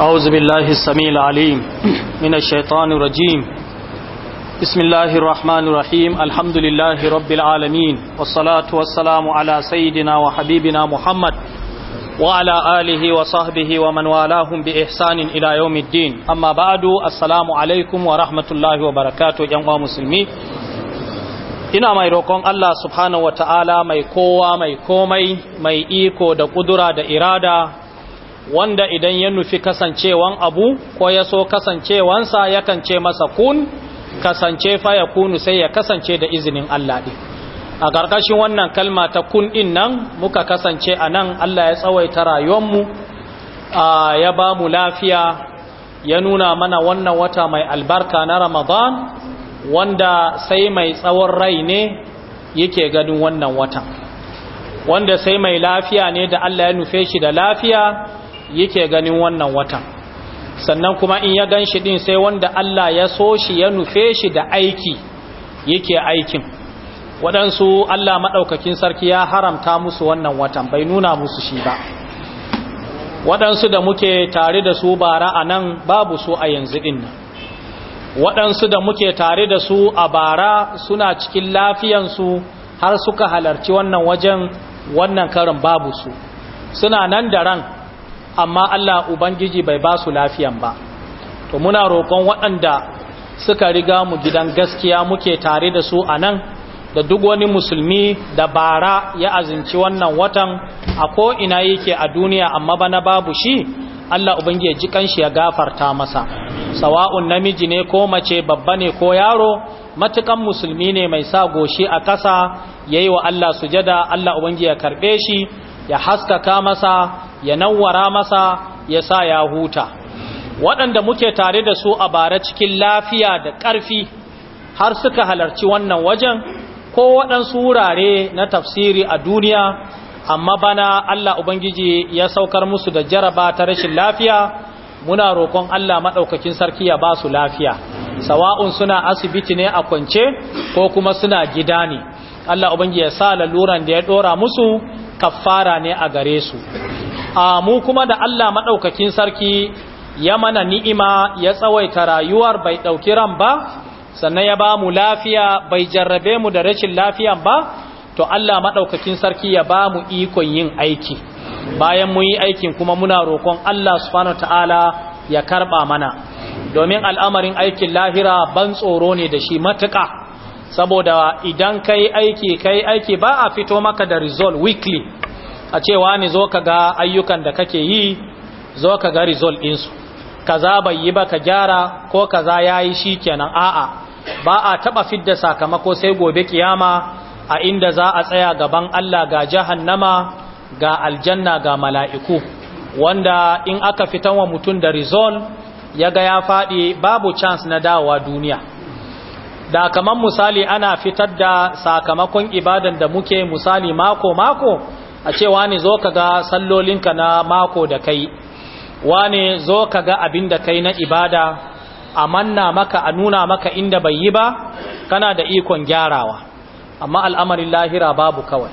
أعوذ بالله السميع العليم من الشيطان الرجيم بسم الله الرحمن الرحيم الحمد لله رب العالمين والصلاة والسلام على سيدنا وحبيبنا محمد وعلى آله وصحبه ومن والاهم بإحسان إلى يوم الدين أما بعد السلام عليكم ورحمة الله وبركاته جمع مسلمي إنا ما يروكم الله سبحانه وتعالى ما يكوى ما يكومي ما يئيكو دا قدرة دا إرادة wanda idan ya nufi kasancewan abu ko ya so kasancewansa yakan ce masa kun kasance fa ya kunu sai ya kasance da izinin Allah ɗin a ƙarƙashin wannan kalma ta kun ɗin nan muka kasance a nan Allah ya tsawaita rayuwanmu ya ba mu lafiya ya nuna mana wannan wata mai albarka na ramadan wanda sai mai tsawon rai ne yake ganin wannan watan wanda sai mai lafiya ne da Allah ya nufe shi da lafiya yake ganin wannan watan sannan kuma in ya gan shi din sai wanda Allah ya so shi ya nufe shi da aiki yake aikin waɗansu Allah maɗaukakin sarki ya haramta musu wannan watan bai nuna musu shi ba waɗansu da muke tare da su bara a nan babu su a yanzu ɗin nan waɗansu da muke tare da su a bara suna cikin lafiyansu har suka halarci wannan wajen wannan karin babu su suna nan da ran amma Allah ubangiji bai ba su lafiyan ba to muna roƙon waɗanda suka riga mu gidan gaskiya muke tare da su a nan da duk wani musulmi da bara ya azinci wannan watan a ko'ina yake a duniya amma bana babu shi Allah ya ji kanshi ya gafarta masa sawa'un namiji ne ko mace babba ne ko yaro matukan musulmi ne mai sa goshi a ƙasa yi wa Allah sujada Allah ya karɓe shi ya haskaka masa ya nawwara masa ya sa ya huta waɗanda muke tare da su a bara cikin lafiya da ƙarfi har suka halarci wannan wajen ko waɗansu wurare na tafsiri a duniya amma bana Allah Ubangiji ya saukar musu da jaraba ta rashin lafiya muna roƙon Allah maɗaukakin sarki ya ba su lafiya sawa'un suna asibiti ne a kwance ko kuma suna gida ne Allah Ubangiji ya sa laluran da ya ɗora musu kaffara ne a gare su a mu kuma da Allah maɗaukakin sarki ya mana ni'ima ya tsawaita rayuwar bai ɗauki ran ba sannan ya ba mu lafiya bai jarrabe mu da rashin lafiya ba to Allah maɗaukakin sarki ya ba mu ikon yin aiki bayan mu yi aikin kuma muna roƙon Allah subhanahu ta'ala ya karɓa mana domin al'amarin aikin lahira ban tsoro ne da shi matuƙa saboda idan kai aiki kai aiki ba a fito maka da result weekly a cewa ni zo ka ga ayyukan da kake yi zo ka ga result su kaza bai yi ba ka gyara ko kaza ya yi shi kenan a'a ba a taɓa fidda sakamako sai gobe kiyama a inda za a tsaya gaban Allah ga jahannama ga aljanna ga mala'iku wanda in aka fitan wa mutum da result ya ga ya faɗi babu chance na dawowa duniya da kamar misali ana fitar da sakamakon ibadan da muke misali mako-mako a ce wani zo ka ga sallolinka na mako da kai wani zo ka ga abin da kai na ibada a manna maka a nuna maka inda bai yi ba kana da ikon gyarawa amma al'amarin lahira babu kawai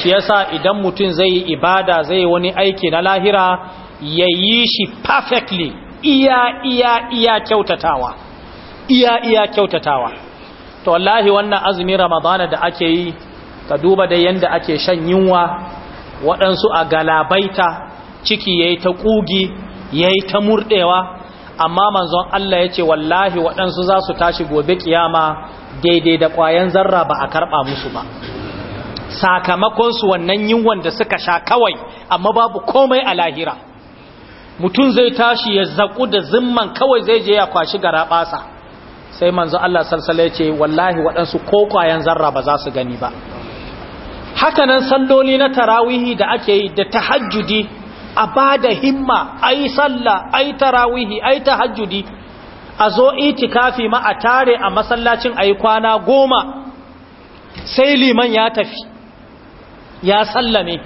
shi yasa idan mutum zai yi ibada zai yi wani aiki na lahira ya yi shi perfectly iya iya iya kyautatawa iya iya kyautatawa to wallahi wannan azumin ramadana da ake yi ka duba da yanda ake shan yunwa waɗansu a galabaita ciki ya ta ƙugi ya ta murɗewa amma manzon Allah ya ce wallahi waɗansu za su tashi gobe ƙiyama daidai da ƙwayan zarra ba a karɓa musu ba sakamakonsu wannan yinwan da suka sha kawai amma babu komai a lahira mutum zai tashi ya zaƙu da zimman kawai zai je ya kwashi gara ɓasa sai manzo Allah salsala ya ce wallahi waɗansu ko ƙwayan zarra ba za su gani ba hakanan salloli na tarawihi da ake yi da tahajjudi a ba da himma ai sallah ai tarawihi ai tahajjudi a zo itikafi ma a tare a masallacin a yi kwana goma sai liman ya tafi ya sallame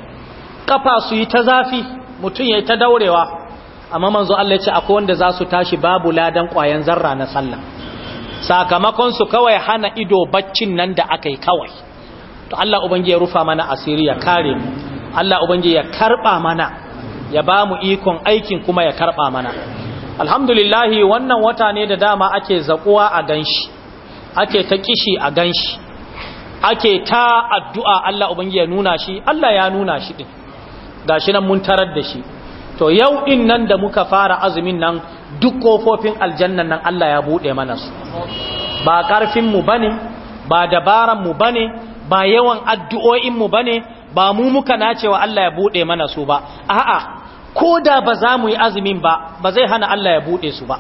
kafa su yi ta zafi mutum ya yi ta daurewa amma manzo Allah ya ce akwai wanda za su tashi babu ladan ƙwayan zarra na sallah sakamakon su kawai hana ido baccin nan da aka yi kawai to Allah ubangiji ya rufa mana asiri ya kare mu Allah ubangiji ya karba mana ya ba mu ikon aikin kuma ya karba mana alhamdulillahi wannan wata ne da dama ake zakuwa a ganshi ake ta kishi a ganshi ake ta addu'a Allah ubangiji ya nuna shi Allah ya nuna shi din gashi nan mun tarar da shi to yau din nan da muka fara azumin nan duk kofofin aljanna nan Allah ya bude mana su ba karfin mu bane ba dabaran mu bane ba yawan addu'o'inmu ba ne ba mu muka nacewa Allah ya buɗe mana su ba a'a ko da ba za mu yi azumin ba ba zai hana Allah ya buɗe su ba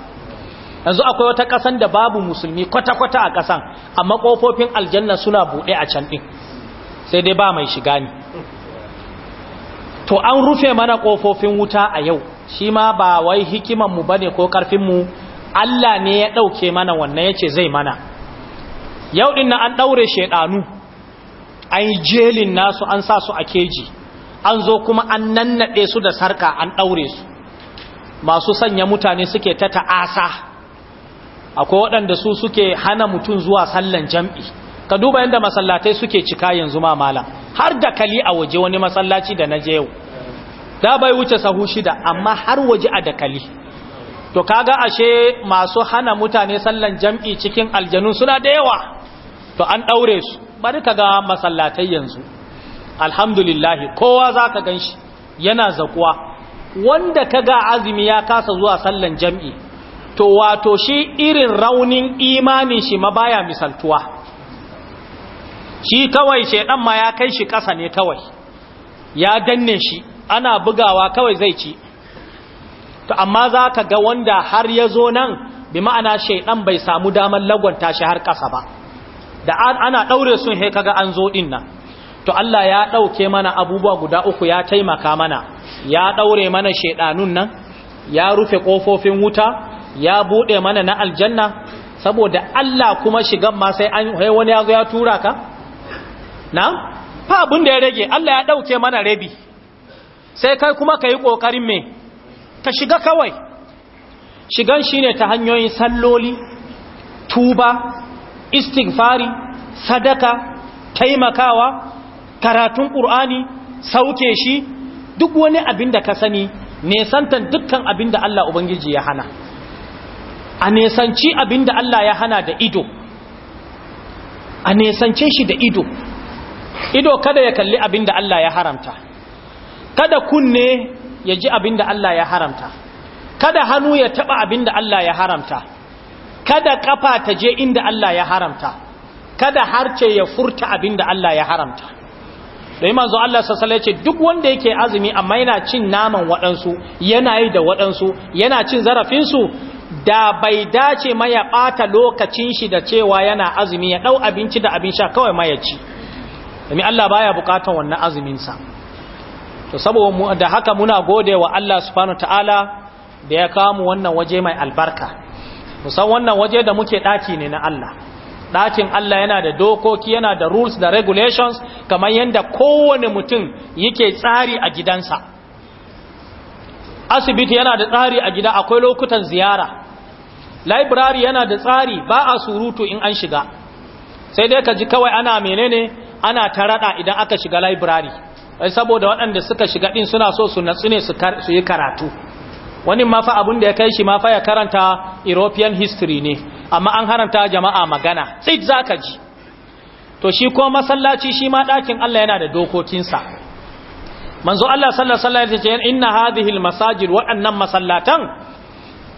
yanzu akwai wata ƙasan da babu musulmi kwata-kwata a ƙasan amma kofofin aljanna suna buɗe a can ɗin sai dai ba mai shiga ne to an rufe mana ƙofofin wuta a yau shi ma ba wai hikimanmu ba ne ko ƙarfinmu Allah ne ya ɗauke mana wannan yace zai mana yau ɗin na an ɗaure shaiɗanu an yi jelin nasu an sa su a keji an zo kuma an nannaɗe su da sarka an ɗaure su masu sanya mutane suke ta ta'asa akwai waɗanda su suke hana mutum zuwa sallan jam'i ka duba yadda masallatai suke cika yanzu ma malam har da kali a waje wani masallaci da na je yau da bai wuce sahu shida amma har waje a dakali to kaga ashe masu hana mutane sallan jam'i cikin aljanu suna da yawa to an ɗaure su bari ka ga masallatai yanzu alhamdulillahi kowa za ka gan shi yana zakuwa wanda ka ga azumi ya kasa zuwa sallan jam'i to wato shi irin raunin imanin shi ma baya misaltuwa shi kawai shaidan ma ya kai shi ƙasa ne kawai ya danne shi ana bugawa kawai zai ci to amma za ka ga wanda har ya zo nan bi ma'ana shaidan bai samu damar lagwanta shi har ƙasa ba da ana ɗaure sun he kaga an zo din to Allah ya ɗauke mana abubuwa guda uku ya taimaka mana ya ɗaure mana shedanun nan ya rufe kofofin wuta ya bude mana na aljanna saboda Allah kuma shigan ma sai an he wani yazo ya tura ka na fa abin da ya rage Allah ya ɗauke mana rabi sai kai kuma kai kokarin me ka shiga kawai shigan shine ta hanyoyin salloli tuba istighfari sadaka taimakawa karatun ƙur'ani sauke shi duk wani abin da ka sani nesantan dukkan abin da Allah Ubangiji ya hana a nesanci abin da Allah ya hana da ido a nesance shi da ido ido kada ya kalli abin da Allah ya haramta kada kunne ya ji abin da Allah ya haramta kada hannu ya taɓa abin da Allah ya haramta kada kafa ta je inda Allah ya haramta kada harce ya furta abinda Allah ya haramta dai manzo Allah sallallahu ce duk wanda yake azumi amma yana cin naman waɗansu yana yi da waɗansu yana cin zarafinsu, da bai dace ma ya ɓata lokacin shi da cewa yana azumi ya ɗau abinci da abin sha kawai ma ya ci domin Allah baya bukatan wannan azuminsa to saboda da haka muna gode wa Allah subhanahu ta'ala da ya kawo mu wannan waje mai albarka musan wannan waje da muke ɗaki ne na Allah ɗakin Allah yana da dokoki yana da rules da regulations kamar yadda kowane mutum yake tsari a gidansa asibiti yana da tsari a gida akwai lokutan ziyara library yana da tsari ba a surutu in an shiga sai dai ka ji kawai ana menene ana tarada idan aka shiga library saboda waɗanda suka shiga ɗin suna so su natsu ne su yi karatu wani ma fa abun da ya kai shi ma fa ya karanta european history ne amma an haranta jama'a magana sai zaka ji to shi ko masallaci shi ma ɗakin Allah yana da dokokinsa manzo Allah sallallahu alaihi wasallam inna hadhihi almasajid waɗannan masallatan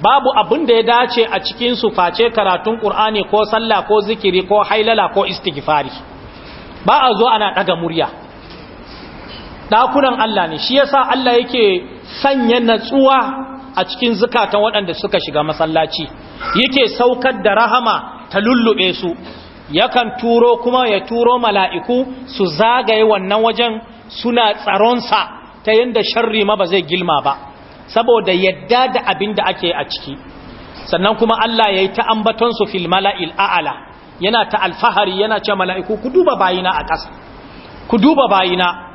babu abin da ya dace a cikin su face karatun Qur'ani ko sallah ko zikiri ko hailala ko istighfari ba a zo ana ɗaga murya dakunan Allah ne shi yasa Allah yake sanya natsuwa a cikin zukatan waɗanda suka shiga masallaci yake saukar da rahama ta lullube su yakan turo kuma ya turo mala'iku su zagaye wannan wajen suna tsaronsa ta yadda sharri ma ba zai gilma ba saboda yadda da abin da ake a ciki sannan kuma Allah ya yi ta ambatonsu fil mala'il a'ala yana ta alfahari yana ce mala'iku ku duba bayina a ƙasa ku duba bayina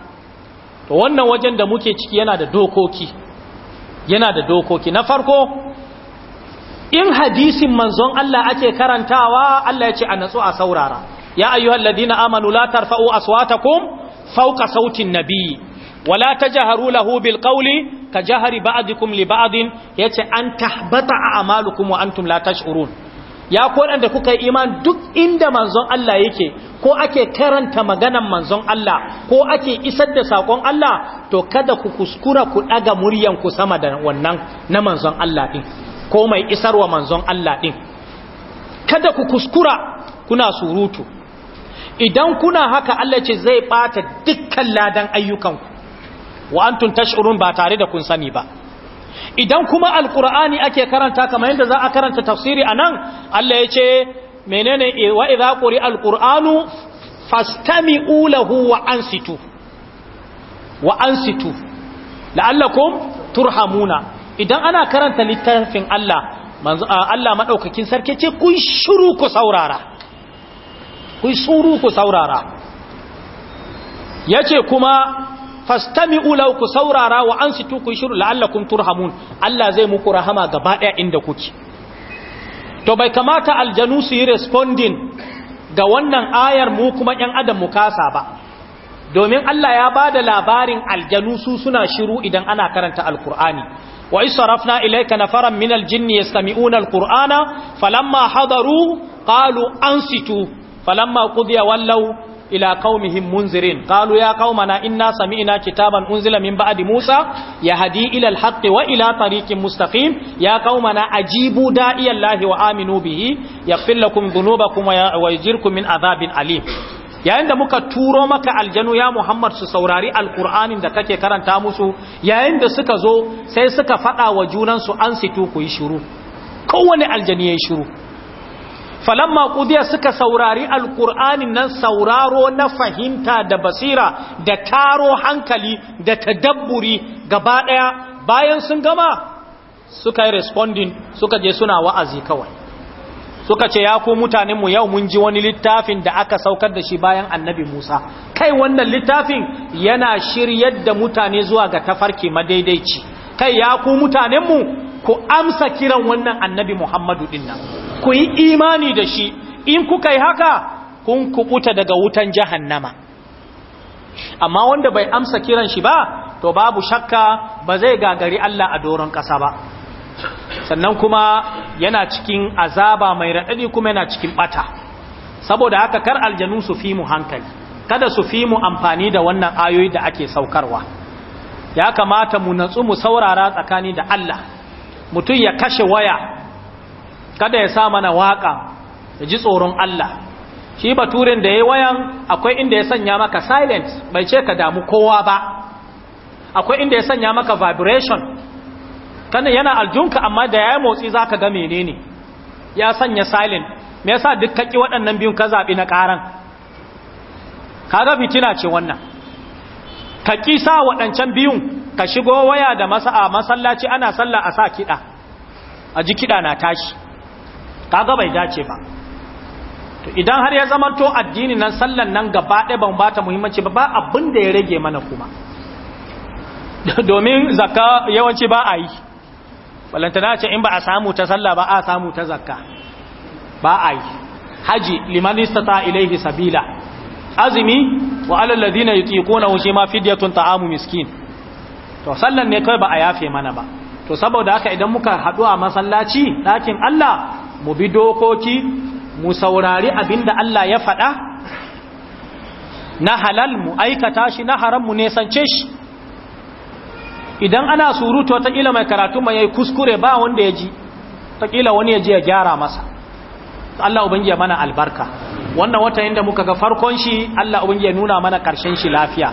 to wannan wajen da muke ciki yana da dokoki yana da dokoki na farko in hadisin manzon Allah ake karantawa Allah ya ce a natsu a saurara ya ayyuhal ladina amanu la tarfa'u aswatakum fawqa sautin nabiyyi wala tajharu lahu bil qawli jahari ba'dikum li ba'din yace an tahbata a'malukum wa antum la tash'urun ya kodanda kuka yi iman duk inda manzon Allah yake ko ake karanta maganan manzon Allah ko ake isar da sakon Allah to kada ku kuskura ku daga muryan ku sama da wannan na manzon Allah din ko mai isarwa manzon Allah din kada ku kuskura kuna surutu idan kuna haka Allah ce zai bata dukkan ladan ayyukanku wa antum tash'urun ba tare da kun sani ba idan kuma alkur'ani ake karanta kamar yadda za a karanta tafsiri a nan Allah ya ce menene wa idza quri alqur'anu fastami'u lahu wa ansitu wa ansitu la'allakum turhamuna idan ana karanta littafin Allah manzo Allah madaukakin sarki ce kun shiru ku saurara kun shiru ku saurara yace kuma fastami'u law ku saurara wa ansitu ku shiru la'allakum turhamun Allah zai muku rahama gaba daya inda kuke to bai kamata aljanu su yi responding ga wannan ayar mu kuma ɗan adam mu kasa ba domin Allah ya bada labarin aljanu su suna shiru idan ana karanta alkur'ani wa isarafna ilayka nafaran min aljinni yastami'una alqur'ana falamma hadaru qalu ansitu falamma qudiya wallau. ila qaumihim munzirin qalu ya qaumana inna sami'na kitaban unzila min ba'di Musa yahdi ila ilal haqqi wa ila tariqin mustaqim ya qaumana ajibu da'iya Allahi wa aminu bihi yaghfir lakum dhunubakum wa yajirkum min adhabin alim yayin da muka turo maka aljanu ya Muhammad su saurari alkur'anin da kake karanta musu yayin da suka zo sai suka fada wa junansu an situ ku yi shiru kowane aljani ya yi shiru falamma qudiya suka saurari alqur'anin nan sauraro na fahimta da basira da taro hankali da tadabburi gaba daya bayan sun gama suka yi responding suka je suna wa'azi kawai suka ce ya ku mutanen yau mun ji wani littafin da aka saukar da shi bayan annabi Musa kai wannan littafin yana shiryar da mutane zuwa ga tafarki madaidaici kai ya ku mutanen ku amsa kiran wannan annabi Muhammadu dinnan ku yi imani da shi in kuka yi haka kun kubuta daga wutan jahannama amma wanda bai amsa kiran shi ba to babu shakka ba zai gagari Allah a doron ƙasa ba sannan kuma yana cikin azaba mai raɗaɗi kuma yana cikin ɓata saboda haka kar aljanu su fi mu hankali kada su fi mu amfani da wannan ayoyi da ake saukarwa ya kamata mu natsu mu saurara tsakani da Allah mutum ya kashe waya kada ya sa mana waka ya ji tsoron Allah shi baturin da ya wayan akwai inda ya sanya maka silent bai ce ka damu kowa ba akwai inda ya sanya maka vibration kana yana aljunka amma da ya yi motsi za ka ga menene ya sanya silent me yasa duk kaki waɗannan biyun ka zaɓi na ƙaran kaga fitina ce wannan ka sa waɗancan biyun ka shigo waya da masa a masallaci ana sallah a sa kiɗa a ji kiɗa na tashi kaga bai dace ba to idan har ya zamanto addini nan sallan nan gaba ɗaya ban bata muhimmanci ba ba abin da ya rage mana kuma domin zakka yawanci ba a yi balantana ce in ba a samu ta sallah ba a samu ta zakka ba a yi haji liman istata ilaihi sabila azumi wa alal ladina yutiquna shi ma fidyatun ta'amu miskin to sallan ne kai ba a yafe mana ba to saboda haka idan muka haɗu a masallaci ɗakin Allah mu bi dokoki mu saurari abinda Allah ya faɗa na halal mu aikata shi na haram mu nesance shi idan ana surutu wataƙila mai karatu mai yayi kuskure ba wanda ya ji wataƙila wani ya ji ya gyara masa Allah ubangiya mana albarka wannan wata inda muka ga farkon shi Allah ya nuna mana karshen shi lafiya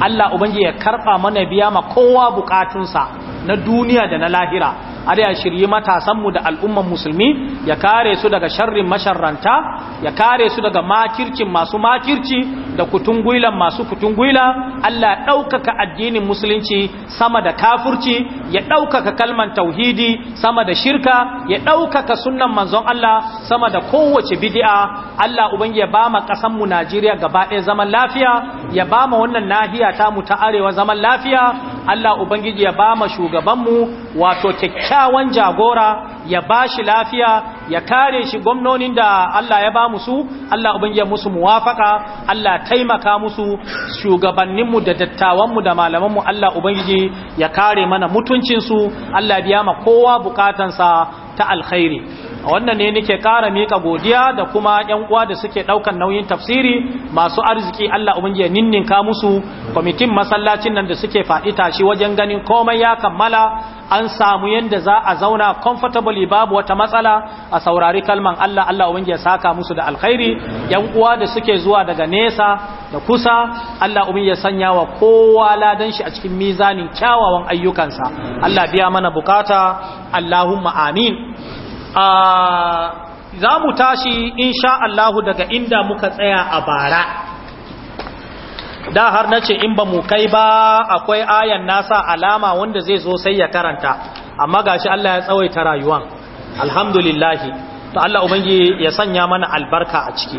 Allah ubangiya ya karɓa mana biya ma kowa bukatunsa na duniya da na lahira har ya shirye matasanmu da al'umman musulmi ya kare su daga sharrin masharranta ya kare su daga makircin masu makirci da kutungwilan masu kutungwila Allah ɗaukaka addinin musulunci sama da kafurci ya ɗaukaka kalman tauhidi sama da shirka ya ɗaukaka sunnan manzon Allah sama da kowace bidi'a. Allah ubangi ya ba ma ƙasanmu Najeriya gaba ɗaya zaman lafiya ya ba ma wannan nahiya tamu mu ta arewa zaman lafiya Allah Ubangiji ya ba ma shugabanmu wato kyakkyawan jagora ya ba shi lafiya ya kare shi gwamnonin da Allah ya ba musu Allah ubangiya musu muwafaka Allah taimaka musu shugabanninmu da dattawanmu da malamanmu Allah ubangiji ya kare mana mutuncinsu Allah biya ma kowa bukatansa ta alkhairi wannan ne nake ƙara mika godiya da kuma ƴan uwa da suke ɗaukan nauyin tafsiri masu arziki Allah ubangiya ya ninninka musu kwamitin masallacin nan da suke faɗi tashi wajen ganin komai ya kammala an samu yanda za a zauna comfortably babu wata matsala a a saurari kalman Allah Allah ubangi ya saka musu da alkhairi yan uwa da suke zuwa daga nesa da kusa Allah ubangi ya sanya wa kowa ladan shi a cikin mizanin kyawawan ayyukansa Allah biya mana bukata Allahumma amin a za mu tashi insha Allah daga inda muka tsaya a bara da har na ce in ba mu kai ba akwai ayan nasa alama wanda zai zo sai ya karanta amma gashi Allah ya tsawaita rayuwan alhamdulillahi to Allah ubangi ya sanya mana albarka a ciki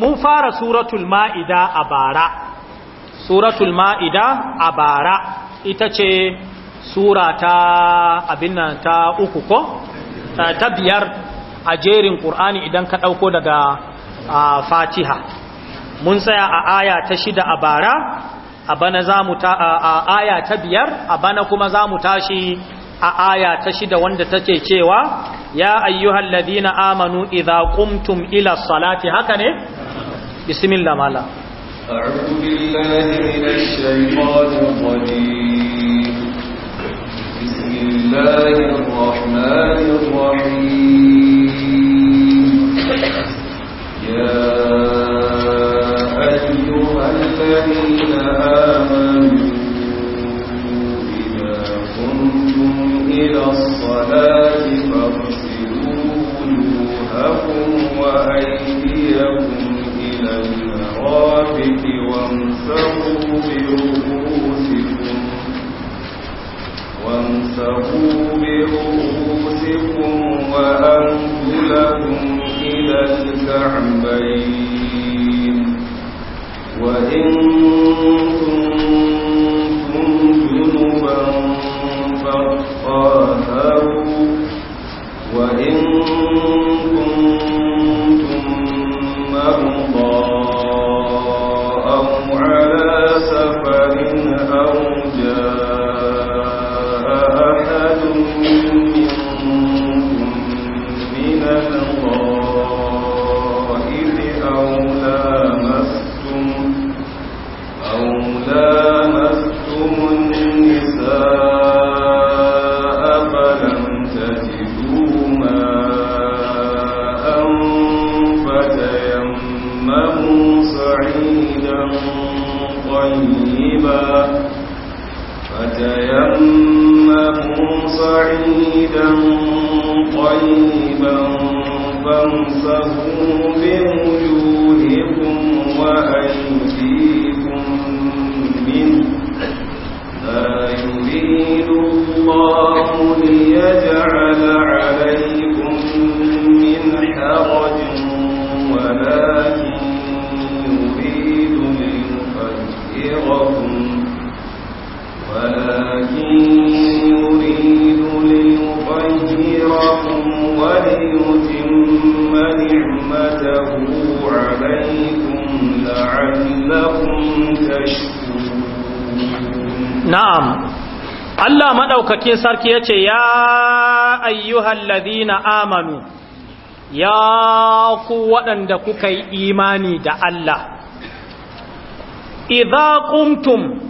mun fara suratul ma'ida a bara suratul ma'ida a bara ita ce sura ta abin ta uku ko ta biyar a jerin ƙur'ani idan ka ɗauko daga fatiha mun tsaya a aya ta shida a bara a bana za mu ta a aya ta biyar a bana kuma za mu tashi a aya ta shida wanda take cewa ya ayyuhal ladina amanu idza qumtum ila salati haka ne bismillah mala a'udhu billahi minash shaytanir rajim bismillahir rahmanir rahim ya ayyuhal ladina amanu maɗaukakin sarki ya ce ya na amanu ya ku waɗanda kuka yi imani da Allah idan kumtum,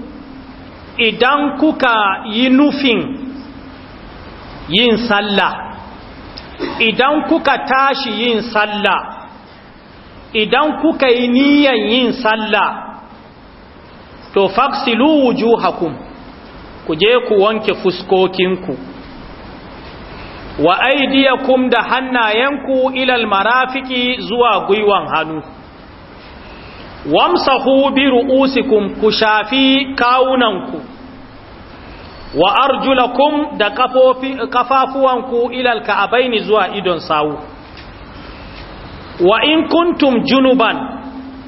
idan kuka yi nufin yin sallah idan kuka tashi yin sallah idan kuka yi niyan yin sallah to faksilu wujuhakum ku je ku wanke fuskokinku wa aidiyakum da hannayenku ilal marafiki zuwa gwiwan hannu wamsahu bi ru'usikum ku shafi kawunanku wa arjulakum da kafafuwanku ilal ka'abaini zuwa idon sawu wa in kuntum junuban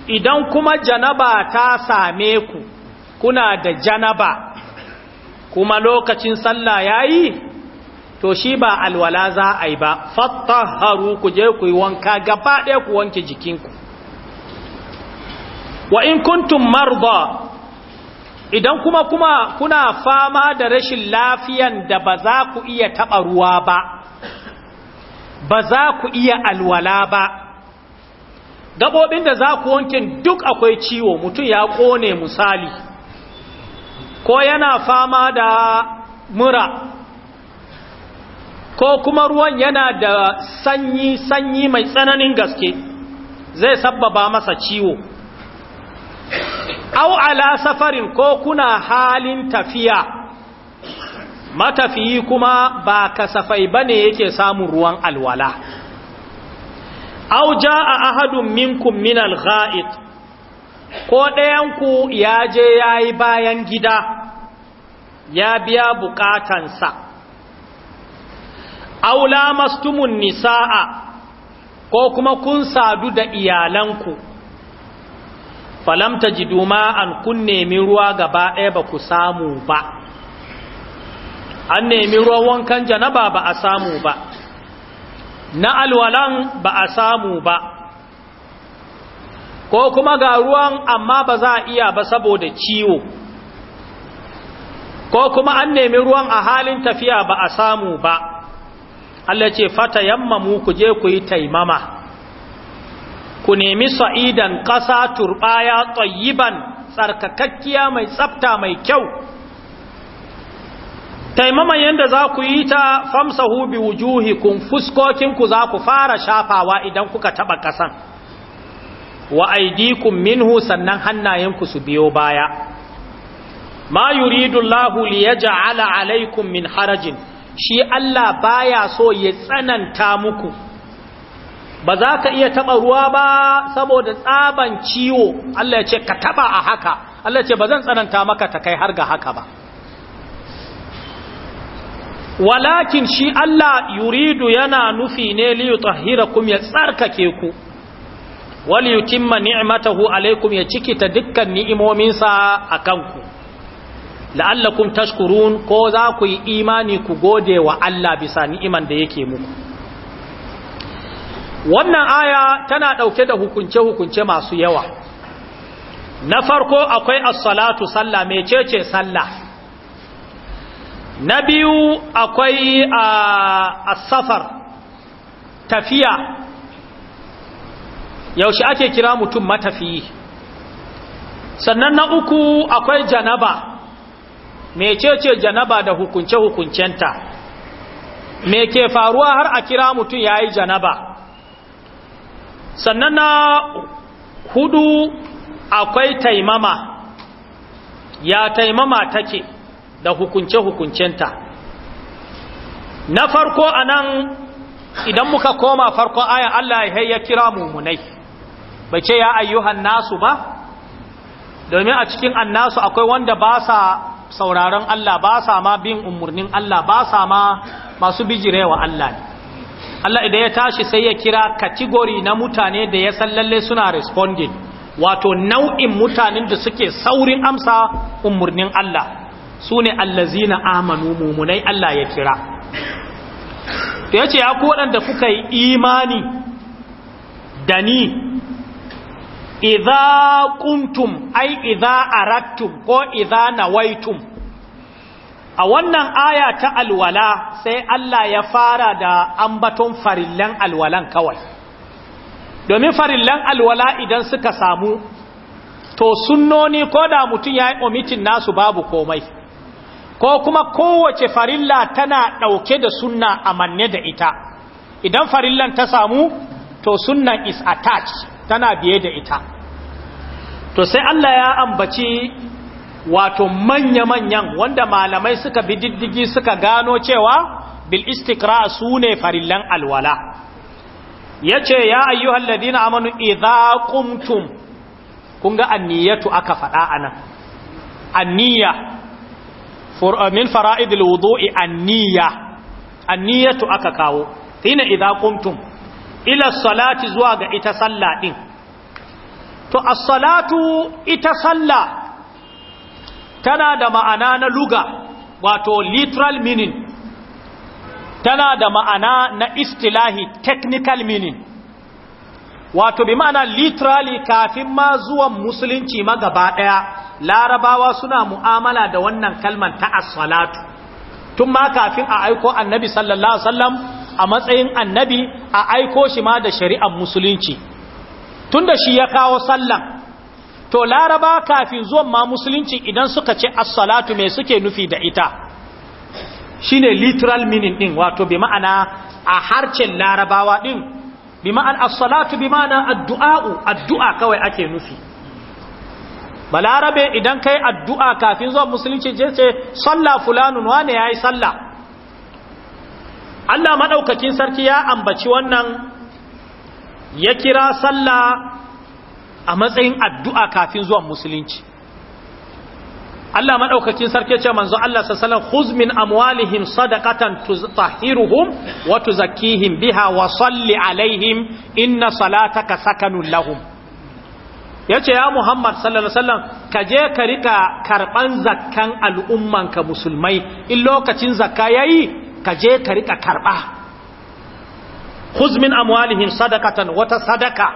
idan kuma janaba ta same ku kuna da janaba kuma lokacin sallah yayi to shi ba alwala za a yi ba fattaharu ku je ku yi wanka gaba ɗaya ku wanke jikinku wa in kuntum marda idan kuma kuma kuna fama da rashin lafiyan da ba za ku iya taɓa ruwa ba ba za ku iya alwala ba gaɓoɓin da za ku wanke duk akwai ciwo mutum ya ƙone misali ko yana fama da mura ko kuma ruwan yana da sanyi-sanyi mai tsananin gaske zai sabbaba masa ciwo au ala safarin ko kuna halin tafiya matafiyi kuma ba kasafai bane yake samun ruwan alwala au ja a ahadun minkum min al ko ɗayanku ya je ya yi bayan gida ya biya bukatansa aula mastumun nisa'a ko kuma kun sadu da iyalanku falamta ji duma an kun nemi ruwa gaba ɗaya ba ku samu ba an nemi ruwan wankan janaba ba a samu ba na alwalan ba a samu ba ko kuma ga ruwan amma ba za a iya ba saboda ciwo ko kuma an nemi ruwan a halin tafiya ba a samu ba Allah ce fata yammamu ku je ku yi taimama ku nemi sa'idan ƙasa turɓaya tsayiban tsarkakakkiya mai tsafta mai kyau taimama yadda za ku yi ta famsahu bi wujuhikum fuskokinku za ku fara shafawa idan kuka taɓa ƙasan wa aidikum minhu sannan hannayenku su biyo baya ma yuridu Allahu liyaj'ala alaikum min harajin shi Allah baya so ya tsananta muku ba za ka iya taba ruwa ba saboda tsaban ciwo Allah ya ce ka taba a haka Allah ya ce ba zan tsananta maka ta kai har ga haka ba walakin shi Allah yuridu yana nufi ne kum ya tsarkake ku wal yutimma ni'matahu alaikum ya ciki ta dukkan ni'imominsa a kanku la'allakum tashkurun ko za ku yi imani ku gode wa Allah bisa ni'iman da yake muku wannan aya tana ɗauke da hukunce-hukunce masu yawa na farko akwai as-salatu sallah mecece sallah na biyu akwai a safar tafiya yaushe ake kira mutum matafiyi sannan na uku akwai janaba mecece janaba da hukunce-hukuncenta me ke faruwa har a kira mutum ya yi janaba sannan na hudu akwai taimama ya taimama take da hukunce-hukuncenta na farko anan idan muka koma farko aya Allah ya kira mummunai bai ce ya ayyuhan nasu ba domin a cikin annasu akwai wanda ba sa sauraron Allah ba sa ma bin umarnin Allah ba sa ma masu bijirewa Allah ne Allah idan ya tashi sai ya kira kategori na mutane da ya san lalle suna responding wato nau'in mutanen da suke saurin amsa umarnin Allah su ne allazina amanu mumunai Allah ya kira da ya ce ya waɗanda kuka yi imani da ni Iza kuntum ai iza arattum ko iza nawaitum a wannan aya ta alwala sai Allah ya fara da ambaton farillan alwalan kawai domin farillan alwala idan suka samu to sunnoni ko da mutum ya yi omitin nasu babu komai ko kuma kowace farilla tana ɗauke da sunna a manne da ita idan farillan ta samu to sunnan is attached tana biye da ita to sai Allah ya ambaci wato manya-manyan wanda malamai suka bi diddigi suka gano cewa bil istiqra su ne farillan alwala ya ce ya ayyuhal ladina amanu idza qumtum kun ga anniyatu aka faɗa anan anniya eh, min fara'idil wudu'i anniya anniyatu aka kawo tina idza qumtum ila salati zuwa ga ita sallah ɗin, to as-salatu ita sallah tana da ma'ana na luga wato literal meaning tana da ma'ana na istilahi technical meaning wato bi ma'ana literally kafin ma zuwan musulunci ma gaba ɗaya, larabawa suna mu'amala da wannan kalman ta as-salatu tun ma kafin a aiko annabi sallallahu alaihi wasallam a matsayin annabi a aiko shi ma da shari'ar musulunci Tun da shi ya kawo sallan to laraba kafin zuwan ma musulunci idan suka ce as-salatu me suke nufi da ita shine literal meaning din wato bi ma'ana a harcin larabawa din bi ma'an as-salatu bi ma'ana addu'a'u addu'a kawai ake nufi balarabe idan kai addu'a kafin zuwan musulunci je ce sallah fulanun wane yayi sallah Allah maɗaukakin sarki ya ambaci wannan ya kira sallah a matsayin addu'a kafin zuwan musulunci Allah maɗaukakin sarki ce manzo Allah sassalan huzmin amwalihim sadakatan tahiruhum wa tuzakkihim biha wa salli alaihim inna salataka sakanun lahum ya ce ya Muhammad sallallahu Alaihi ka je ka rika karɓan zakkan al'ummanka musulmai in lokacin zakka ya yi ka je ka rika karɓa huzmin amwalihim sadakatan wata sadaka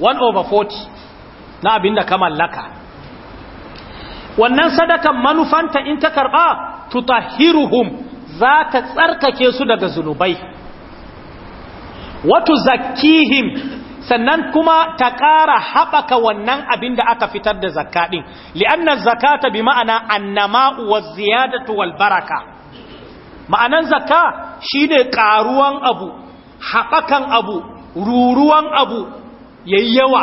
1 over 40 na abinda ka mallaka wannan sadakan manufanta in ta karɓa tutahiruhum za ta tsarkake su daga zunubai watu zakihim sannan kuma ta ƙara haɓaka wannan abin da aka fitar da zakka ɗin li'annar zakata bi ma'ana annama wa ziyadatu wal baraka ma'anan zakka shi ne ƙaruwan abu haɓakan abu ruruwan abu yayi yawa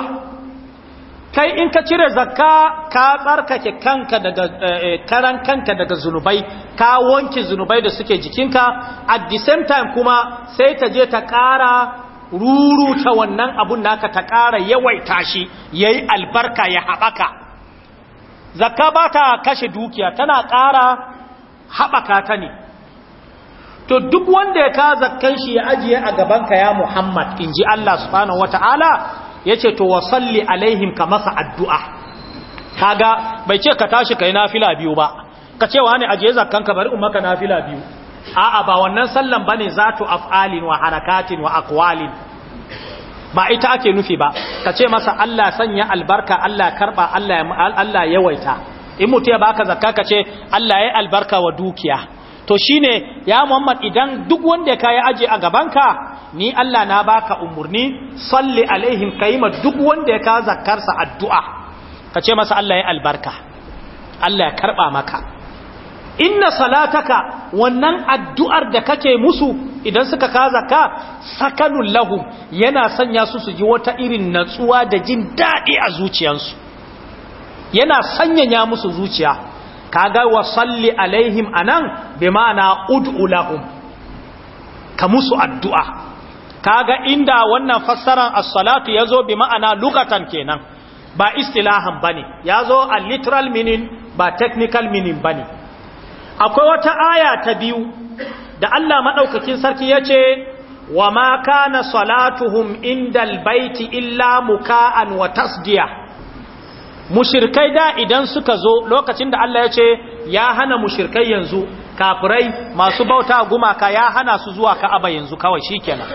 kai in ka cire zakka ka tsarkake kanka daga eh, karan kanka daga zunubai ka wanke zunubai da suke jikinka at the same time kuma sai ta je ta ƙara ruruta wannan abun naka ta ƙara yawaita shi yi albarka ya haɓaka zakka ba ta kashe dukiya tana ƙara haɓaka ta ne to duk wanda ya ka zakkan shi ya ajiye a gabanka ya Muhammad in ji Allah subhanahu wata'ala ya ce to wasalli alaihim ka masa addu'a kaga bai ce ka tashi ka yi nafila biyu ba ka ce wa ne ajiye zakkan ka bari umarka nafila biyu a'a ba wannan sallan bane zatu af'alin wa harakatin wa aqwalin ba ita ake nufi ba ka ce masa Allah sanya albarka Allah karba Allah Allah yawaita in mutu ya baka zakka ka ce Allah ya albarka wa dukiya to shine ya Muhammad idan duk wanda ka ya aje a gabanka ni Allah na baka umurni salli alaihim ma duk wanda ya ka karsa addu'a ka ce masa Allah ya albarka Allah ya karba maka inna salataka wannan addu'ar da kake musu idan suka ka zakka lahu lahu yana sanya su su ji wata irin natsuwa da jin daɗi a zuciyarsu. yana sanyanya musu zuciya kaga wa salli alaihim anan bi ma'ana ud'u lahum ka musu addu'a kaga inda wannan fassaran as-salatu yazo bi ma'ana lugatan kenan ba istilahan bane yazo a literal meaning ba technical meaning bane akwai wata aya ta biyu da Allah madaukakin sarki yace wa ma kana salatuhum indal baiti illa muka'an wa tasdiya mushirkai da idan suka zo lokacin da Allah ya ce ya hana mushirkai yanzu kafirai masu bauta gumaka ya hana su zuwa ka'aba yanzu kawai shikenan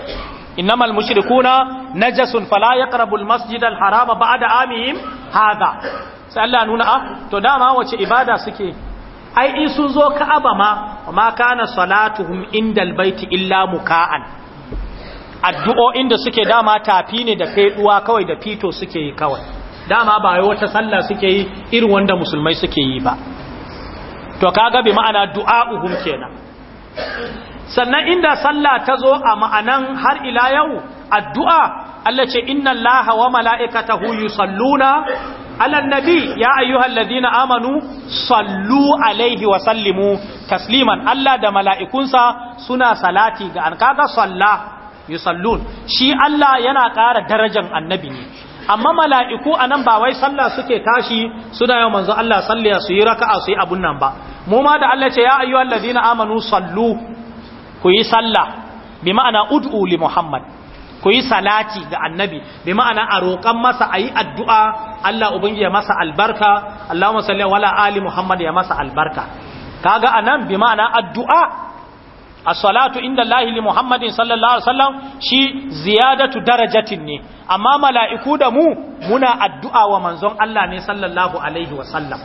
innamal mushrikuna najasun fala yaqrabul masjidal harama ba'da amihim hadha sai Allah nuna ah to dama wace ibada suke ai in sun zo ka'aba ma ma kana salatuhum indal baiti illa muka'an addu'o'in da suke dama tafi ne da feduwa kawai da fito suke yi kawai dama ba wata sallah suke yi irin wanda musulmai suke yi ba to kaga gabi ma'ana du'a'uhum kenan sannan inda sallah ta zo a ma'anan har ila yau addu'a Allah ce inna Allaha wa mala'ikatahu yusalluna ala nabi ya ayyuhal ladina amanu sallu alaihi wa sallimu tasliman Allah da mala'ikunsa suna salati ga an kaga salla yusallun shi Allah yana ƙara darajar annabi ne amma mala'iku a nan ba wai sallah suke tashi suna yau manzo Allah salliya su yi raka'a su yi abun nan ba mu ma da Allah ce ya ayyu allazina amanu sallu ku yi sallah bi ma'ana ud'u li muhammad ku yi salati ga annabi bi ma'ana a roƙan masa a yi addu'a Allah ubangi ya masa albarka Allahumma salli wala ali muhammad ya masa albarka kaga anan bi ma'ana addu'a as-salatu inda Allahi li Muhammadin sallallahu alaihi wasallam shi ziyadatu darajatin ne amma mala'iku da mu muna addu'a wa manzon Allah ne sallallahu alaihi wasallam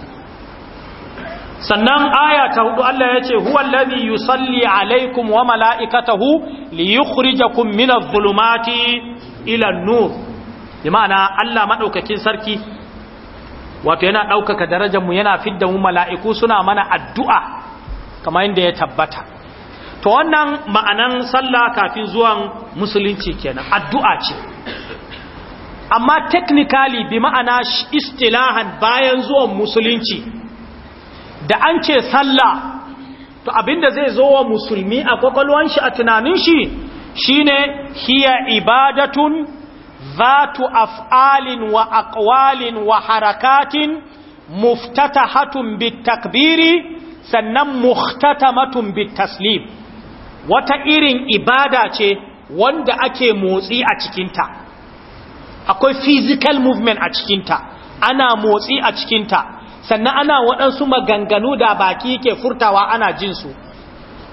sannan aya ta hudu Allah ya ce huwa yu yusalli alaikum wa mala'ikatahu li yukhrijakum min adh-dhulumati ila an-nur bi ma'ana Allah madaukakin sarki wato yana ɗaukaka darajar mu yana fidda mu mala'iku suna mana addu'a kamar yadda ya tabbata to wannan ma'anan sallah kafin zuwan musulunci kenan addu'a ce amma technically bi ma'ana istilahan bayan zuwan musulunci da an ce sallah to abinda zai zo wa musulmi a kwakwalwan shi a tunanin shi shine hiya ibadatun zatu af'alin wa aqwalin wa harakatin muftatahatun bitakbiri sannan muhtatamatun taslim. wata irin ibada ce wanda ake motsi a cikinta akwai physical movement a cikinta ana motsi a cikinta sannan ana waɗansu maganganu da baki ke furtawa ana jinsu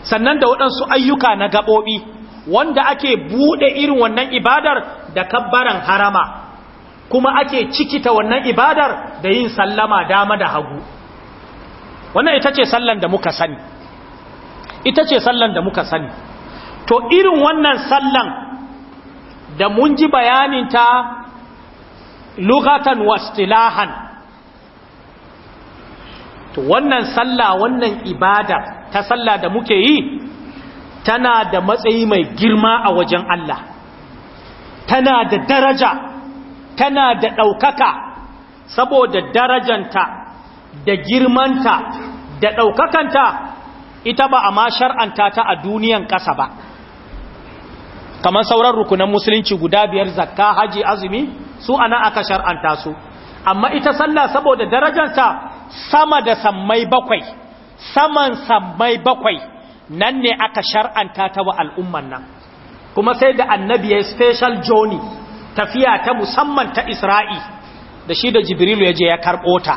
sannan da waɗansu ayyuka na gaɓoɓi wanda ake buɗe irin wannan ibadar da kabbaran harama kuma ake cikita wannan ibadar da yin sallama dama da hagu wannan ita ce sallan da muka sani ita ce sallan da muka sani to irin wannan sallan da mun ji bayaninta lugatan wastilahan to wannan salla, wannan ibada ta sallah da muke yi tana da matsayi mai girma a wajen Allah tana da daraja tana da ɗaukaka saboda darajanta da girmanta da ɗaukakanta ita ba a ma shar'anta ta a duniyan ƙasa ba kamar sauran rukunan musulunci guda biyar zakka haji azumi su ana aka shar'anta su amma ita sallah saboda darajarta sama da sammai bakwai saman sammai bakwai nan ne aka shar'anta ta wa al'umman nan kuma sai da annabi ya special journey tafiya ta musamman ta isra'i da shi da jibrilu ya je ya karɓo ta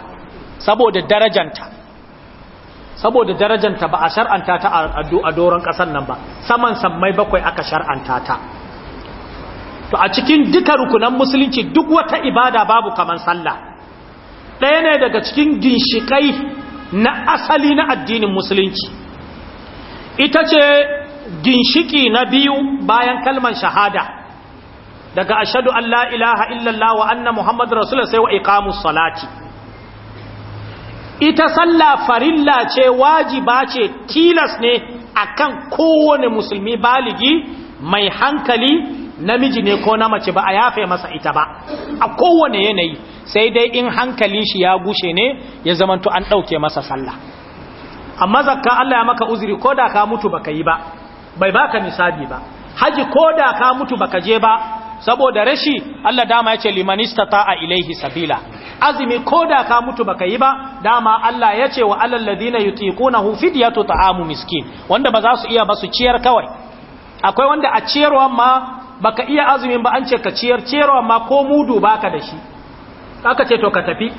saboda darajanta saboda darajanta ba a shar'anta ta a doron ƙasar nan ba saman sammai bakwai aka shar'anta ta to a cikin duka rukunan musulunci duk wata ibada babu kaman sallah ɗaya ne daga cikin ginshiƙai na asali na addinin musulunci ita ce ginshiƙi na biyu bayan kalman shahada daga ashadu an la’ilaha illallah wa anna muhammadu rasulun sai wa salati ita sallah farilla ce wajiba ce tilas ne akan kowane musulmi baligi mai hankali namiji ne ko na mace ba a yafe masa ita ba a kowane yanayi sai dai in hankali shi ya gushe ne ya zamanto an ɗauke masa sallah amma zakka Allah ya maka uzuri ko da ka mutu baka yi ba bai baka nisabi ba haji ko da ka mutu baka je ba saboda rashi Allah dama yace limanista ta a ilaihi sabila azumi da ka mutu baka yi ba dama Allah yace wa alal ladina yutiqunahu fidyatu ta'amu miskin wanda ba za su iya ba su ciyar kawai akwai wanda a ciyarwa ma baka iya azumin ba an ce ka ciyar ciyarwa ma ko mudu baka da shi aka ce to ka tafi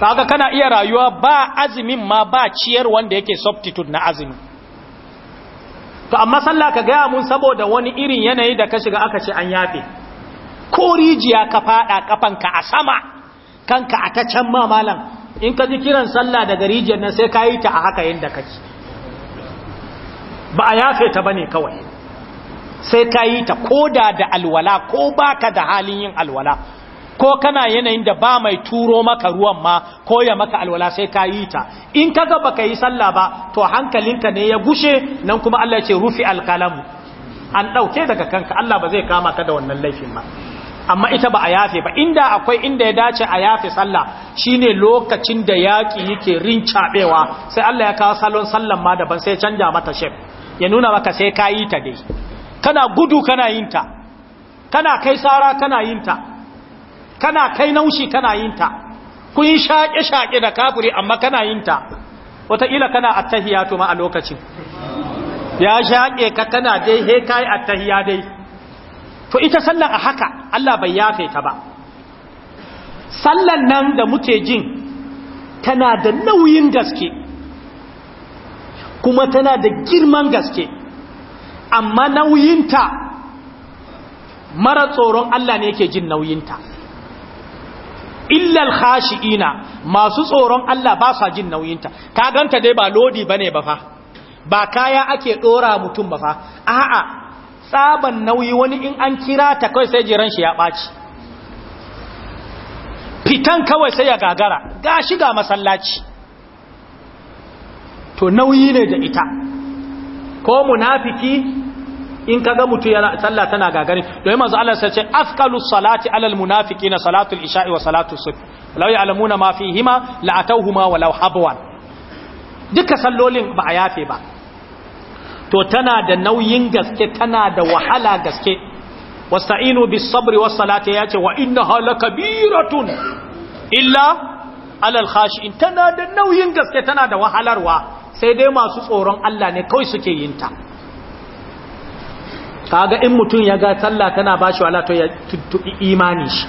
kaga kana iya rayuwa ba azumin ma ba ciyar wanda yake substitute na azumi to amma sallah ka gaya mun saboda wani irin yanayi da ka shiga aka ce an yafe ko rijiya ka fada kafanka a sama kanka a ta can ma malam in ka ji kiran sallah daga rijiyar nan sai ka yi ta a haka yadda ci ba a yafe ta ba ne kawai sai ka yi ta koda da alwala ko baka da halin yin alwala ko kana yanayin da ba mai turo maka ruwan ma ko ya maka alwala sai ka yi ta in ka ga baka yi sallah ba to hankalinka ne ya gushe nan kuma Allah ya ce rufi alkalamu an ɗauke daga kanka Allah ba zai kama ka da wannan laifin ba amma ita ba a yafe ba inda akwai inda ya dace a yafe sallah shine lokacin da yaki yake rincabewa sai Allah ya kawo salon sallan ma daban sai canja mata shef ya nuna maka sai ka yi ta dai kana gudu kana yin ta kana kai sara kana yin ta kana kai naushi kana yin ta kun shaƙe-shaƙe da kafuri amma kana yin ta wataƙila kana attahiyatu ma a lokacin ya shaƙe ka kana dai he kai attahiya dai to ita sallar a haka Allah bai yafe ta ba sallar nan da muke jin tana da nauyin gaske kuma tana da girman gaske amma nauyinta mara tsoron Allah ne yake jin nauyinta illal khashiina masu tsoron Allah ba sa jin ta. ka ganta dai ba lodi bane ba fa ba kaya ake dora mutum ba fa a'a tsaban nauyi wani in an kira ta kai sai jiran shi ya baci fitan kawai sai ya gagara ga ga masallaci to nauyi ne da ita ko munafiki in kaga mutu yana sallah tana gagari domin manzo Allah sai ce afqalu salati alal munafiqina salatul isha'i wa salatul subh law ya'lamuna ma fihima la'atawhuma walau habwan duka sallolin ba a yafe ba to tana da nauyin gaske tana da wahala gaske wasta'inu bis sabri was salati yace wa innaha lakabiratun illa alal khashi'in tana da nauyin gaske tana da wahalarwa sai dai masu tsoron Allah ne kawai suke yin ta kaga in mutum ya ga sallah tana bashi wala to ya tuttubi imani shi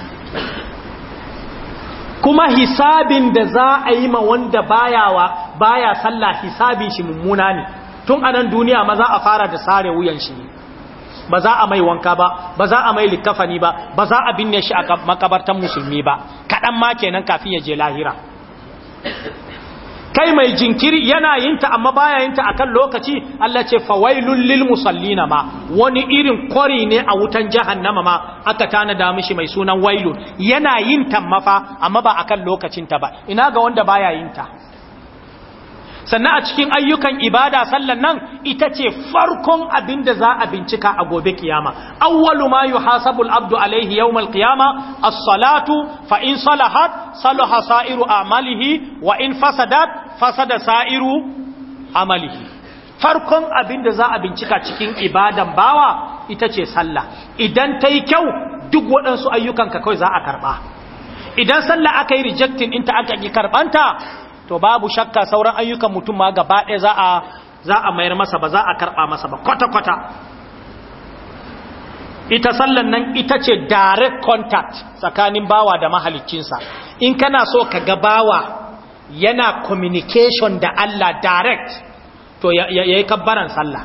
kuma hisabin da za a yi ma wanda bayawa baya sallah hisabin shi mummuna ne tun anan duniya ma za a fara da sare wuyan shi ba za a mai wanka ba ba za a mai likafani ba ba za a binne shi a makabartan musulmi ba kaɗan ma kenan kafin ya je lahira kai mai jinkiri yana yinta amma baya yinta akan lokaci Allah ce fawailul lil musallina ma wani irin kori ne a wutan jahannama ma aka tanada mishi mai sunan wailun yana yinta mafa amma ba akan lokacinta ba ina ga wanda baya yinta sannan a cikin ayyukan ibada sallan nan ita ce farkon abin da za a bincika a gobe kiyama awwalu ma yuhasabu al-abdu alayhi qiyama as-salatu fa in salahat salaha sa'iru amalihi wa in fasadat fasada sa'iru amalihi farkon abin da za a bincika cikin ibadan bawa ita ce sallah idan ta yi kyau duk waɗansu ayyukanka kawai za a karɓa idan sallah aka yi rejectin inta aka ƙi karɓanta to babu shakka sauran ayyukan mutum ma gaba ɗaya za a mayar masa ba za a karɓa masa ba kwata-kwata ita sallan nan ita ce direct contact tsakanin bawa da mahalicinsa in kana so ka ga bawa yana communication da Allah direct to ya yi kabbaran sallah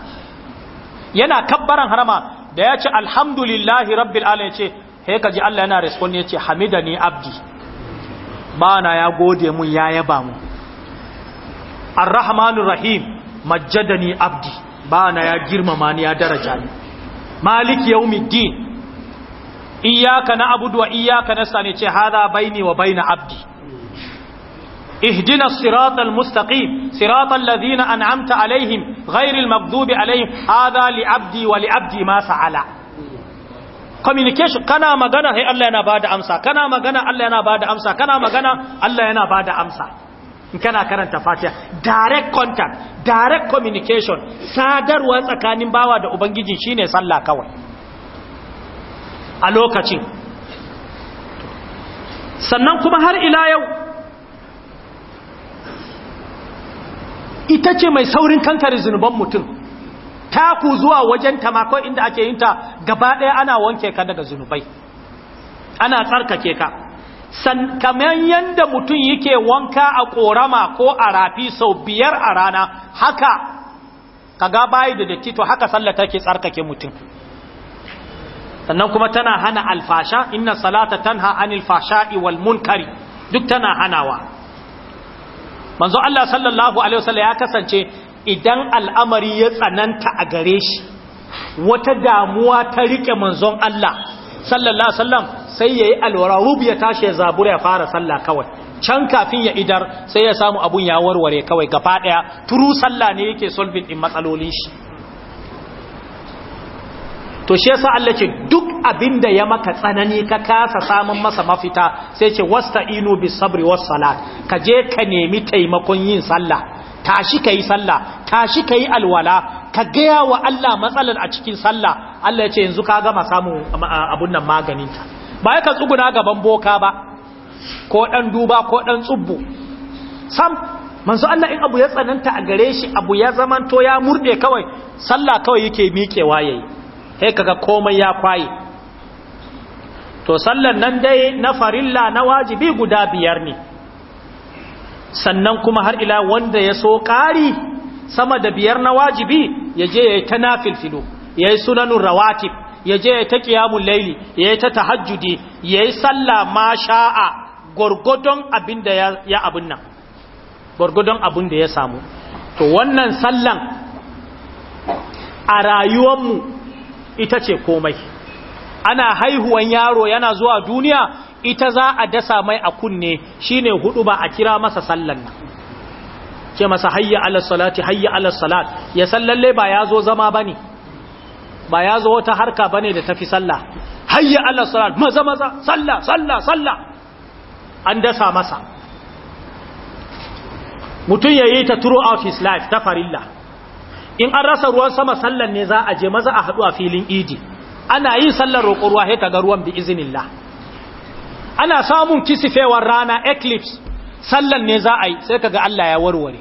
yana kabbaran harama da ya ce alhamdulillahi rabbil alamin ce he ji Allah yana respond ya ce hamidani abdi bana ya gode mun ya yaba mu ar-rahmanur rahim majjadani abdi bana ya girmama ni ya daraja ni malik yawmiddin iyyaka na'budu wa iyyaka nasta'in ce hada baini wa baina abdi Ihdina اهدنا الصراط المستقيم صراط الذين أنعمت عليهم غير المغضوب عليهم هذا لعبدي ولعبدي ما فعل communication kana magana sai Allah yana bada amsa kana magana Allah yana bada amsa kana magana Allah yana bada amsa in kana karanta fatiha direct contact direct communication sadarwa tsakanin bawa da ubangiji shine sallah kawai a lokacin sannan kuma har ila yau ita ce mai saurin kankare zunuban mutum taku zuwa wajen tamakon inda ake yinta gaba ɗaya ana wanke ka daga zunubai ana tsarkake ka san kamar yanda mutum yake wanka a korama ko a rafi sau biyar a rana haka kaga bayi da datti to haka sallah take tsarkake mutum sannan kuma tana hana alfasha inna salata tanha anil fashai wal munkari duk tana hanawa manzo Allah sallallahu alaihi wasallam ya kasance idan al'amari ya tsananta a gare shi wata damuwa ta rike manzon Allah sallallahu sallam sai yayi yi alwara rubu ya tashi ya zabura ya fara sallah kawai can kafin ya idar sai ya samu abun ya warware kawai gaba daya turu sallah ne yake solving din matsalolin shi to shi yasa Allah ce duk abinda ya maka tsanani ka kasa samun masa mafita sai ce inu bis sabri was salat ka je ka nemi taimakon yin sallah tashi ka yi sallah tashi ka alwala ka gaya wa Allah matsalar a cikin sallah Allah ya ce yanzu ka gama samun abun nan maganinta ba ya ka tsuguna gaban boka ba ko ɗan duba ko ɗan tsubbu sam manzo Allah in abu ya tsananta a gare shi abu ya zamanto ya murɗe kawai sallah kawai yake miƙewa yayi sai kaga komai ya kwaye to sallan nan dai na farilla na wajibi guda biyar ne sannan kuma har ila wanda ya so ƙari sama da biyar na wajibi ya je ya yi ta nafilfilo ya yi sunanun rawatib ya je ya ta ƙiyamun laili ya yi ta tahajjudi ya yi sallah ma sha'a gwargwadon abin da ya abin nan gwargwadon abin da ya samu to wannan sallan a rayuwanmu ita ce komai ana haihuwan yaro yana zuwa duniya ita za a dasa mai a kunne shine hudu ba a kira masa sallan nan Ke masa hayya ala salati hayya ala salat ya sallalle ba ya zo zama ba ne. ba ya zo wata harka ba ne da tafi sallah hayya ala salat maza maza salla, salla, salla. an dasa masa mutum ya yi ta true throughout his life ta farilla in an rasa ruwan sama sallan ne za a je maza a haɗu a filin idi ana yin sallar roƙo ruwa sai ta ga ruwan bi iznillah ana samun kisifewar rana eclipse sallan ne za a yi sai kaga Allah ya warware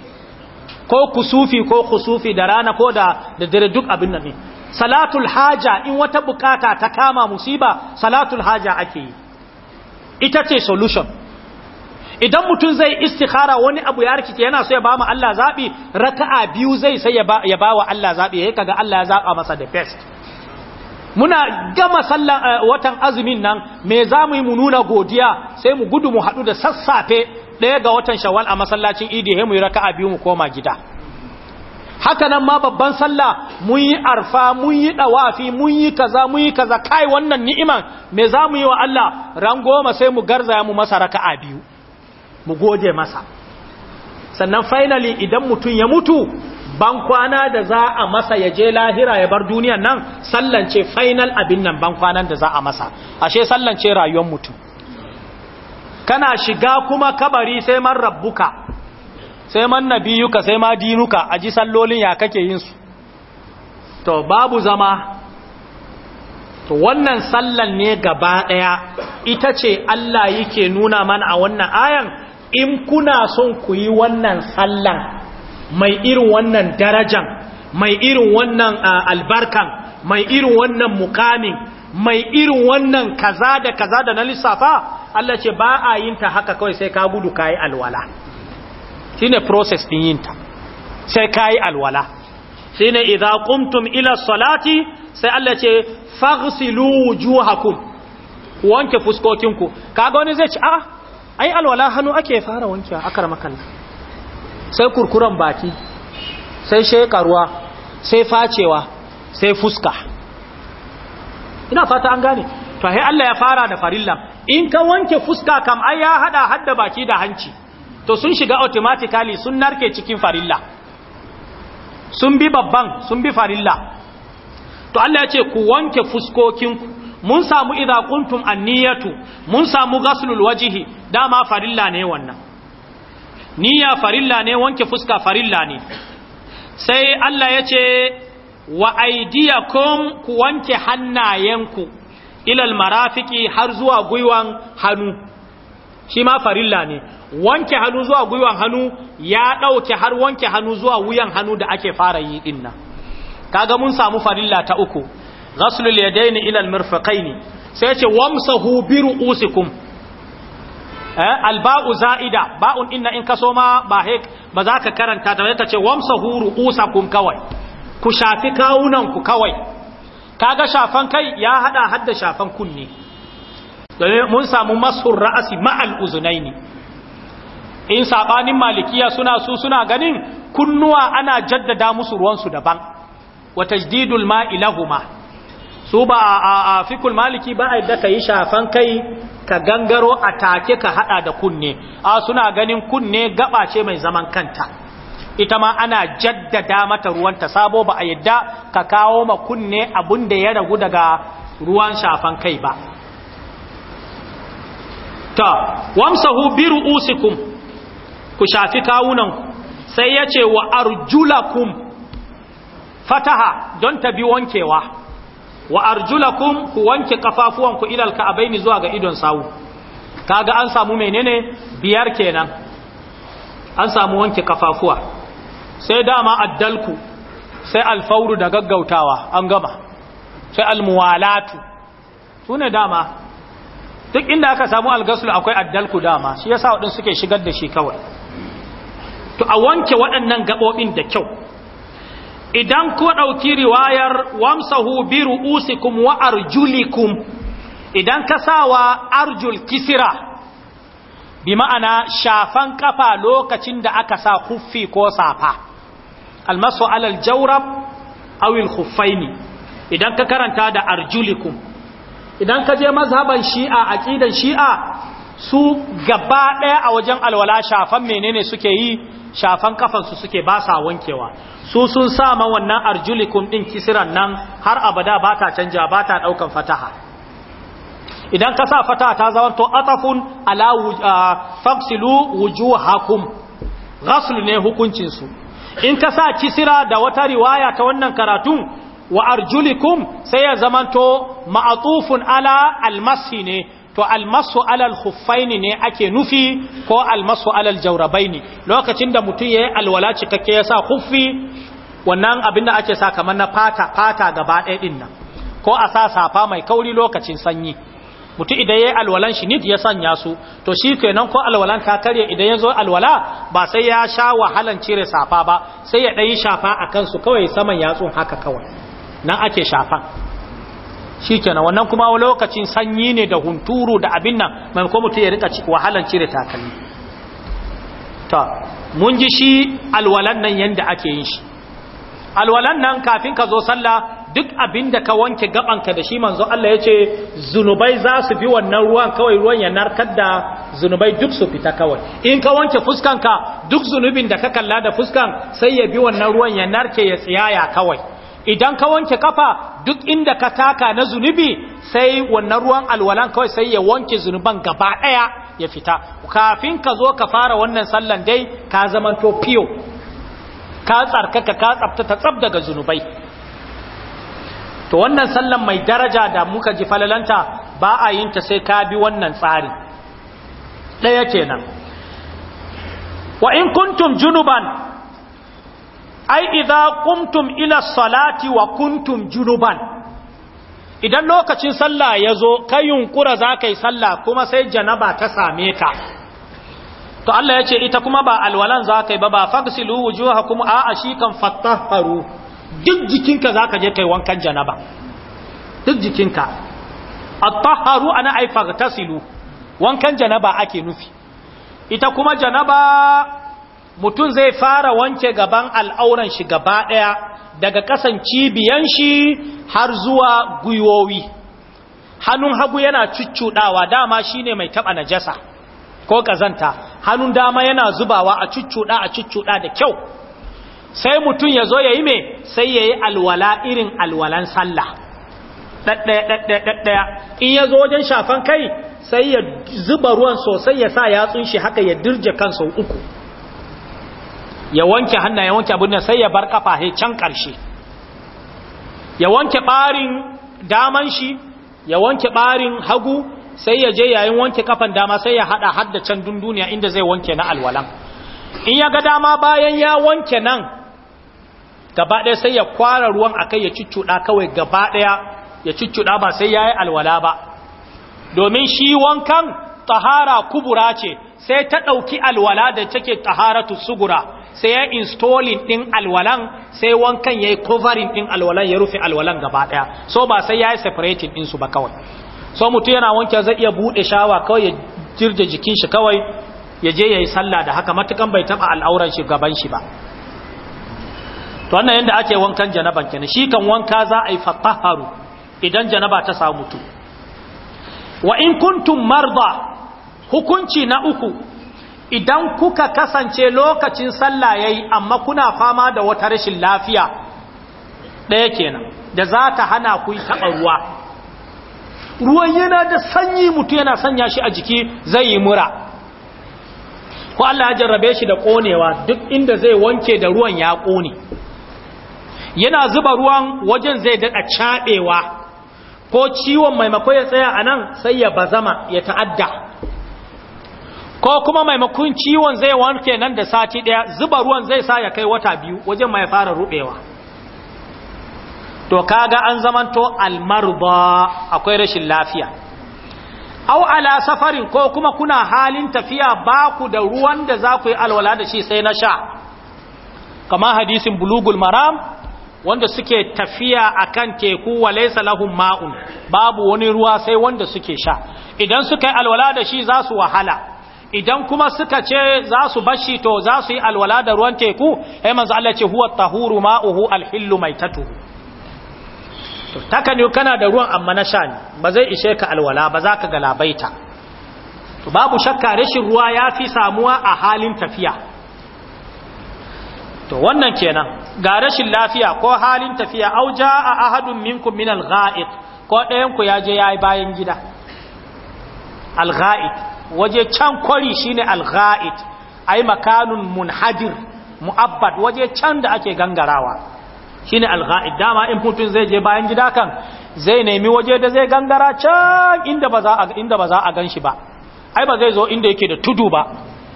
ko kusufi ko kusufi da rana ko da da dare duk abin nan ne salatul haja in wata bukata ta kama musiba salatul haja ake yi ita ce solution idan mutum zai istikhara wani abu ya rikice yana so ya ba Allah zabi raka'a biyu zai sai ya ba Allah zabi yayin kaga Allah ya zaba masa the best muna gama sallan eh, watan azumin nan me za mu yi mu nuna godiya sai mu gudu mu haɗu da sassafe ɗaya ga watan shawwal a masallacin idi he mu yi raka'a biyu mu koma gida haka nan ma babban sallah mun yi arfa mun yi dawafi mun yi kaza mun yi kaza kai wannan ni'iman me za mu yi wa Allah ran goma sai mu garzaya mu masa raka'a biyu mu gode masa sannan finally idan mutum ya mutu ban kwana da za a masa ya je lahira ya bar duniyan nan sallance final abin nan ban kwanan da za a masa ashe sallance rayuwar mutum kana shiga kuma kabari sai man rabbuka sai man nabiyuka sai ma dinuka a ji sallolin ya kake yin su to babu zama to wannan sallan ne gaba daya ita ce Allah yake nuna mana a wannan ayan in kuna son ku yi wannan sallan mai irin wannan darajan mai irin wannan albarkan mai irin wannan mukamin mai irin wannan kaza da kaza da na lissafa Allah ce ba a yin ta haka kawai sai ka gudu kayi alwala shine process din yin ta sai kayi alwala shine idza qumtum ila salati sai Allah ce faghsilu wujuhakum wanke fuskokinku kaga wani zai ce a ah, ai alwala hannu ake fara wankewa akar makalla sai kurkuren baki sai shekaruwa sai facewa sai fuska ina fata an gane to hai Allah ya fara da farilla in ka wanke fuska kam ai ya hada hadda baki da hanci to sun shiga automatically sun narke cikin farilla sun bi babban sun bi farilla to Allah ya ce ku wanke fuskokinku mun samu idza kuntum anniyatu mun samu ghaslul wajhi dama farilla ne wannan niyya farilla ne wanke fuska farilla ne sai Allah ya ce wa aidiyakum ku wanke hannayenku ilal marafiki har zuwa gwiwan hannu shi ma farilla ne wanke hannu zuwa gwiwan hannu ya ɗauke har wanke hannu zuwa wuyan hannu da ake fara yi dinna kaga mun samu farilla ta uku ghaslul yadayni ilal mirfaqaini sai ya ce wamsahu bi ru'usikum alba'u za'ida ba'un inna in kaso ma ba hek ba za ka karanta ta ta ce wamsa huru kun kawai ku shafi kawunanku kawai. kawai ga shafan kai ya haɗa hadda shafan kunne mun samu masun ra'asi ma'al ne in saɓanin malikiya suna su suna ganin kunnuwa ana jaddada musu ruwansu daban wa tajdidul ma'i su ba a fikul maliki ba a yadda ka yi shafan kai ka gangaro a take ka hada da kunne a suna ganin kunne gaba ce mai zaman kanta ita ma ana jaddada mata ruwanta sabo ba a yadda ka kawo ma kunne abun da ya ragu daga ruwan shafan kai ba ta wamsahu bi ru'usikum ku shafi kawunanku sai yace wa arjulakum fataha don ta bi wankewa wa arjulakum ku wanke kafafuwan ku ilal ka'abaini zuwa ga idon sawu kaga an samu menene biyar kenan an samu wanke kafafuwa sai dama addalku sai alfauru da gaggautawa an gama sai almuwalatu sune dama duk inda aka samu algasul akwai addalku dama shi yasa wadin suke shigar da shi kawai to a wanke waɗannan gabobin da kyau idan ku ɗauki riwayar wamsahu bi ru'usikum wa arjulikum idan ka sawa arjul kisira bi ma'ana shafan kafa lokacin da aka sa huffi ko safa almasu alal jawrab awil khuffaini idan ka karanta da arjulikum idan ka je mazhaban shi'a aqidan shi'a su gaba ɗaya a wajen alwala shafan menene suke yi shafan kafansu suke ba sa wankewa su sun sa ma wannan arjulikum ɗin kisiran nan har abada ba ta canja ba ta ɗaukan fataha idan ka sa fataha ta zamanto atafun ala fafsilu wujuhakum ghaslu ne hukuncinsu in ka sa kisira da wata riwaya ta wannan karatun wa arjulikum sai ya zamanto ma'atufun ala almasi ne to almasu alal khuffaini ne ake nufi ko almasu alal jaurabaini lokacin da mutum yayi alwala cikakke yasa huffi wannan abin da ake sa kamar na fata fata gaba ɗaya din nan ko a sa safa mai kauri lokacin sanyi mutum idan yayi alwalan shi nit ya sanya su to shi kenan ko alwalan ta karye, idan ya zo alwala ba sai ya sha wahalan cire safa ba sai ya ɗan yi shafa a kansu kawai saman yatsun haka kawai nan ake shafan shikenan wannan kuma lokacin sanyi ne da hunturu da abin nan ko mutum ya rika wahalan cire takalmi ta mun ji shi alwalan nan yanda ake yin shi alwalan nan kafin ka zo sallah duk abin da ka wanke gabanka da shi manzo Allah ya ce zunubai za su bi wannan ruwan kawai ruwan ya narkar da zunubai duk su fita kawai in ka wanke fuskanka duk zunubin da ka kalla da fuskan sai ya bi wannan ruwan ya narke ya tsiyaya kawai idan ka wanke kafa duk inda ka taka na zunubi sai wannan ruwan alwalan kawai sai ya wanke zunuban gaba daya ya fita kafin ka zo ka fara wannan sallan dai ka zamanto fiyo ka tsarkaka ka tsafta ta tsab daga zunubai to wannan sallan mai daraja da muka ji falalanta ba a yin ta sai ka bi wannan tsari daya kenan wa in kuntum junuban ai idza qumtum ila salati wa kuntum junuban idan lokacin sallah yazo kai yunkura zakai sallah kuma sai janaba ta same ka to Allah ya ce ita kuma ba alwalan zakai ba ba fagsilu wujuhakum a ashikan fattaharu duk jikinka zaka je kai wankan janaba duk jikinka at-taharu ana ai fagtasilu wankan janaba ake nufi ita kuma janaba mutum zai fara wanke gaban al'auran shi gaba ɗaya daga ƙasan cibiyan shi har zuwa guyowi hannun hagu yana cuccuɗawa dama shine mai taɓa najasa ko kazanta. hannun dama yana zubawa a cuccuɗa a cuccuɗa da kyau sai mutum ya zo ya yi mai sai ya yi alwala irin alwalan sallah ɗaɗɗaya in ya zo wajen shafan kai sai ya zuba ruwan sosai ya sa yatsun shi haka ya dirje kansa uku ya wanke hannaye ya wanke abin sai ya bar kafa he can karshe ya wanke barin daman shi ya wanke barin hagu sai ya je yayin wanke kafan dama sai ya hada hadda can dunduniya inda zai wanke na alwalan in ya ga dama bayan ya wanke nan gaba daya sai ya kwara ruwan akai ya cuccuɗa kawai gaba ɗaya ya cuccuɗa ba sai yayi alwala ba domin shi wankan tahara kubura ce sai ta ɗauki alwala da take taharatu sugura sai ya installin din alwalan sai wankan yayi covering din alwalan ya rufe alwalan gaba daya so ba sai ya yi separating din su ba kawai so mutum yana wanke zai iya bude shawa kawai ya jirje jikin shi kawai ya je yayi sallah da haka matukan bai taba al'auran shi gaban shi ba to wannan yanda ake wankan janaban kenan shi kan wanka za a yi fatahharu idan janaba ta samu mutum wa in kuntum marda hukunci na uku idan kuka kasance lokacin sallah yayi amma kuna fama da wata rashin lafiya ɗaya kenan da za ta hana ku taɓa ruwa ruwan yana da sanyi mutu yana sanya shi a jiki zai yi mura ko Allah ya jarrabe shi da ƙonewa duk inda zai wanke da ruwan ya ƙone yana zuba ruwan wajen zai daɗa caɓewa ko ciwon maimako ya tsaya a nan sai ya bazama ya ta'adda ko kuma maimakon ciwon zai wanke nan da sati ɗaya zuba ruwan zai sa ya kai wata biyu wajen mai fara rubewa to kaga an zamanto almarba akwai rashin lafiya au ala safarin ko kuma kuna halin tafiya ba ku da ruwan da za ku yi alwala da shi sai na sha kama hadisin bulugul maram wanda suke tafiya a kan teku wa lahum ma'un babu wani ruwa sai wanda suke sha idan suka yi alwala da shi za su wahala idan kuma suka ce za su bashi to za su yi alwala da ruwan teku ai manzo Allah ce huwa tahuru ma'uhu alhillu maitatuhu to taka ne kana da ruwan amma na shani ba zai ishe ka alwala ba za ka labaita to babu shakka rashin ruwa ya fi samuwa a halin tafiya to wannan kenan ga rashin lafiya ko halin tafiya au jaa ahadun minkum min al ko ɗayan ku ya je yayi bayan gida al waje can kwari shine al-gha'id ay makanun munhadir mu'abbad waje can da ake gangarawa shine al-gha'id dama in mutum zai je bayan gida kan zai nemi waje da zai gangara can inda ba za a inda ba za a ganshi ba ai ba zai zo inda yake da tudu ba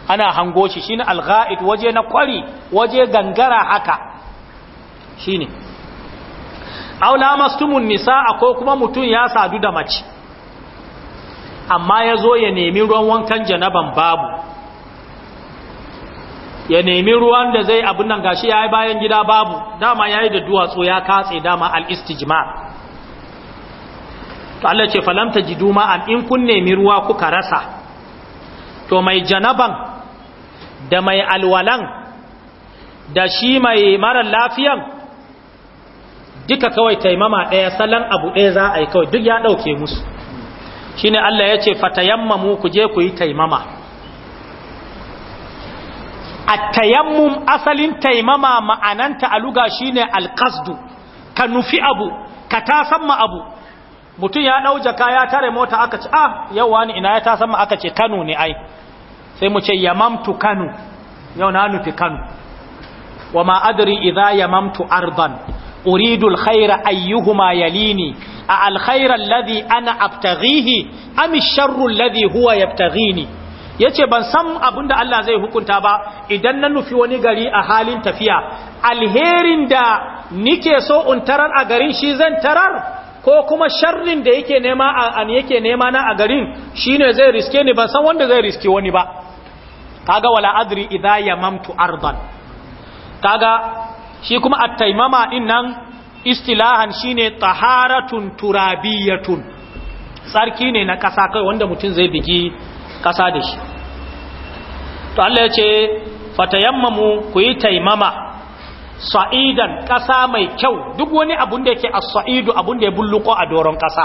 ana hango shi shine al-gha'id waje na kwari waje gangara haka shine aw lamastumun nisaa ko kuma mutum ya sadu da mace amma ya zo ya nemi ruwan wankan janaban babu ya nemi ruwan da zai abin nan gashi ya yi bayan gida babu dama ya yi da duwatsu ya katse dama al'istijima to Allah ce falamta ji an in kun nemi ruwa kuka rasa to mai janaban da mai alwalan da shi mai mara lafiyan duka kawai taimama ɗaya salon abu ɗaya za a yi kawai duk ya ɗauke musu shine Allah yace ce fatayammamu ku je ku yi taimama at-tayammum asalin taimama ma'ananta al'uga shine alkasdu ka nufi abu ka abu mutum ya dau jaka ya tare mota aka ce ah yau wani ina ya ma aka ce Kano ne ai sai mu ce yamamtu Kano yau na nufi Kano wa ma adri idha yamamtu ardan uridul khaira ayyuhuma yalini a alkhaira alladhi ana abtaghihi am sharru alladhi huwa yace ban san abinda Allah zai hukunta ba idan na nufi wani gari a halin tafiya alherin da nike so in tarar a garin shi zan tarar ko kuma sharrin da yake nema an yake nema na a garin shine zai riske ni ban san wanda zai riske wani ba kaga wala adri idha yamamtu ardan kaga shi kuma attaimama din nan istilahan shine taharatun turabiyatun tsarki ne na ƙasa kai wanda mutum zai bigi ƙasa da shi to Allah ya ce fatayammamu ku yi taimama sa'idan ƙasa mai kyau duk wani abun da yake a saidu abun da ya bulluko a doron ƙasa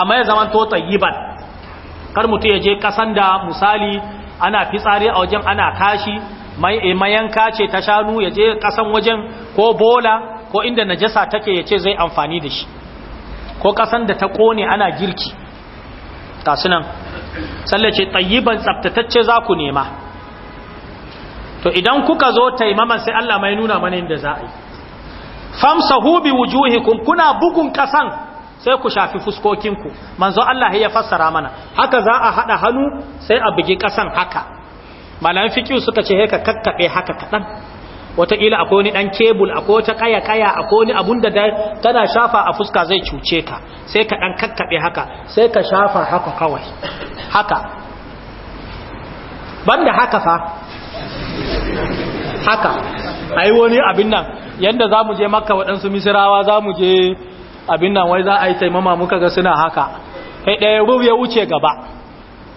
amma ya zaman to tayyiban kar mutum ya je ƙasan da misali ana fitsari a wajen ana kashi Eh, mayanka ce ta shanu ya je kasan wajen ko bola ko inda najasa take ya ce zai amfani da shi ko kasan da ta kone ana girki tasu nan tsallace tsayiban tsabtatacce za ku nema to idan kuka zo taimaman sai Allah mai nuna mana inda za a yi famsahu bi wujuhikum kuna bugun kasan sai ku shafi fuskokinku manzo Allah ya fassara mana haka za a hada hannu sai a bugi kasan haka malan fikiyu suka ce haka kakkaɓe haka kaɗan wataƙila akwai wani ɗan kebul akwai wata kaya-kaya akwai wani abun da tana shafa a fuska zai cuce ka sai ka ɗan kakkaɓe haka sai ka shafa haka kawai haka banda haka fa haka a yi wani abin nan yadda za mu je makka waɗansu misirawa za mu je abin nan wai za a yi taimama muka ga suna haka kai ɗaya ruru ya wuce gaba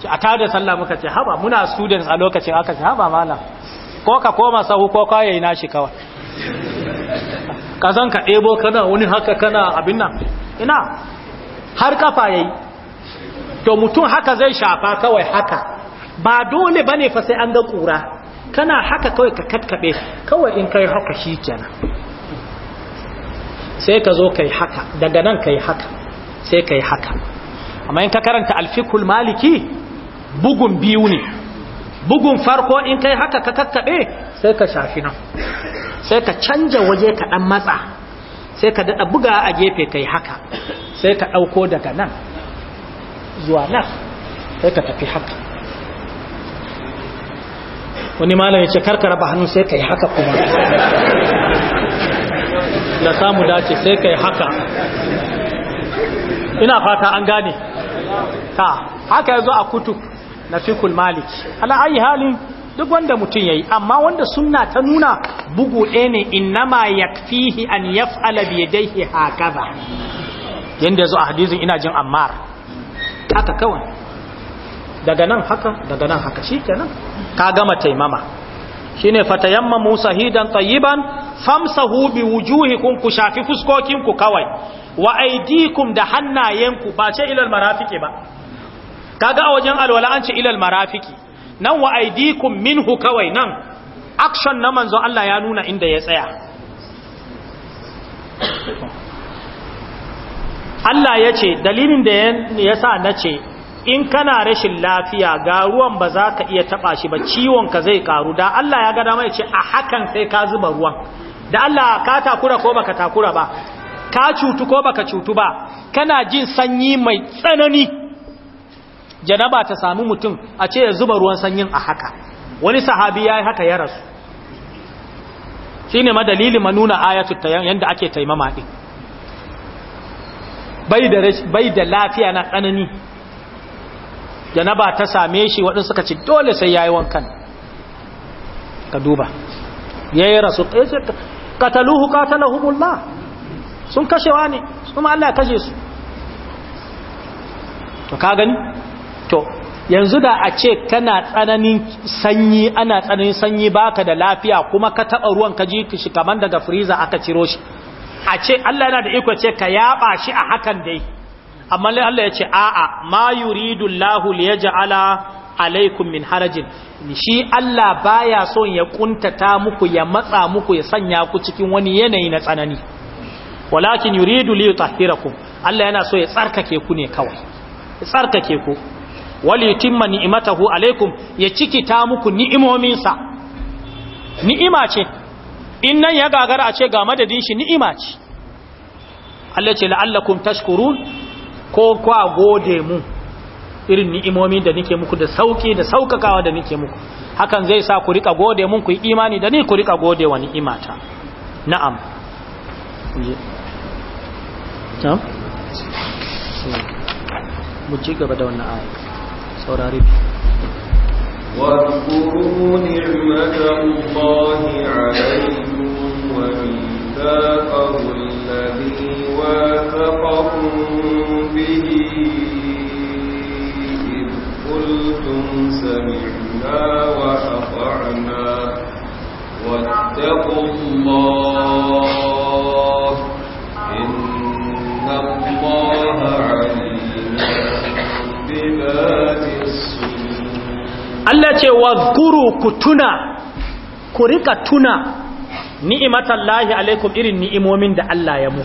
ci a tada sallah muka ce haba muna students a lokacin aka ce haba malam ko ka koma sahu ko ka yayi nashi kawai kazan ka ɗebo kana wani haka kana abin nan ina har kafa yayi to mutum haka zai shafa kawai haka ba dole bane fa sai an ga kura kana haka kawai ka katkabe kawai in kai haka shikenan sai ka zo kai haka daga nan kai haka sai kai haka amma in ka karanta alfikul maliki bugun biyu ne bugun farko in kai haka ka kakkaɓe sai ka shafi nan sai ka canja waje ka ɗan matsa sai ka daɗa buga a gefe kai haka sai ka ɗauko daga nan zuwa nan sai ka tafi haka wani malam ya ce karkara raba hannu sai ka yi haka kuma da samu dace sai ka yi haka ina fata an gane ta haka ya zo a kutu na fikul malik ala halin duk wanda mutum yayi amma wanda sunna ta nuna bugu ɗaya ne innama yakfihi an yaf'ala bi yadayhi hakaza yanda zo a hadizin ina jin ammar haka kawai daga nan haka daga nan haka shikenan ka gama taimama shine fatayamma musa hidan Tayiban, famsahu bi wujuhikum ku shafi fuskokin ku kawai wa da hannayenku ba ce ilal marafiki ba kaga a wajen alwala an ce ilal marafiki nan wa aidikum minhu kawai nan action na manzo. Allah ya nuna inda ya tsaya Allah ya ce dalilin da ya sa na ce in kana rashin lafiya ga ruwan ba za ka iya taba shi ba ciwon ka zai karu da Allah ya gada mai ce a hakan sai ka zuba ruwan da Allah ka takura ko baka takura ba ka cutu ko baka cutu ba kana jin sanyi mai tsanani janaba ta sami mutum a ce ya zuba ruwan sanyin a haka wani sahabi ya yi haka ya rasu shi ne madalili manuna ayatul tayan yadda ake taimama ɗin bai da lafiya na tsanani janaba ta same shi waɗansu suka ci dole sai ya yi wankan ka duba ya yi rasu kataluhu katalahumullah sun kashewa ne kuma Allah ya kashe su to ka gani to yanzu da a ce kana tsananin sanyi ana tsananin sanyi baka da lafiya kuma ka taba ruwan ka ji shi kaman daga freezer aka ciro shi a ce Allah yana da iko ce ka yaba shi a hakan dai amma Allah ya ce a'a ma yuridu Allahu liyaj'ala alaikum min harajin shi Allah baya son ya kuntata muku ya matsa muku ya sanya ku cikin wani yanayi na tsanani walakin yuridu liyutahhirakum Allah yana so ya tsarkake ku ne kawai tsarkake ku wali timma ni'imatahu alaikum ya ciki ta muku ni'imominsa ni'ima ce in nan ya gagara a ce ga madadin shi ni'ima ce Allah ce la'allakum tashkurun ko kwa gode mu irin ni'imomi da nike muku da sauki da saukakawa da nike muku hakan zai sa ku rika gode mun ku yi imani da ni ku rika gode wa ni'imata na'am mu ci gaba da wannan saurare واذكروا نعمة الله عليكم وميثاقه الذي واثقكم به إذ قلتم سمعنا وأطعنا واتقوا الله إن الله عليم Allah ce wa zkuru ku tuna ku rika tuna ni'imatallahi alaikum irin ni'imomin da Allah ya mu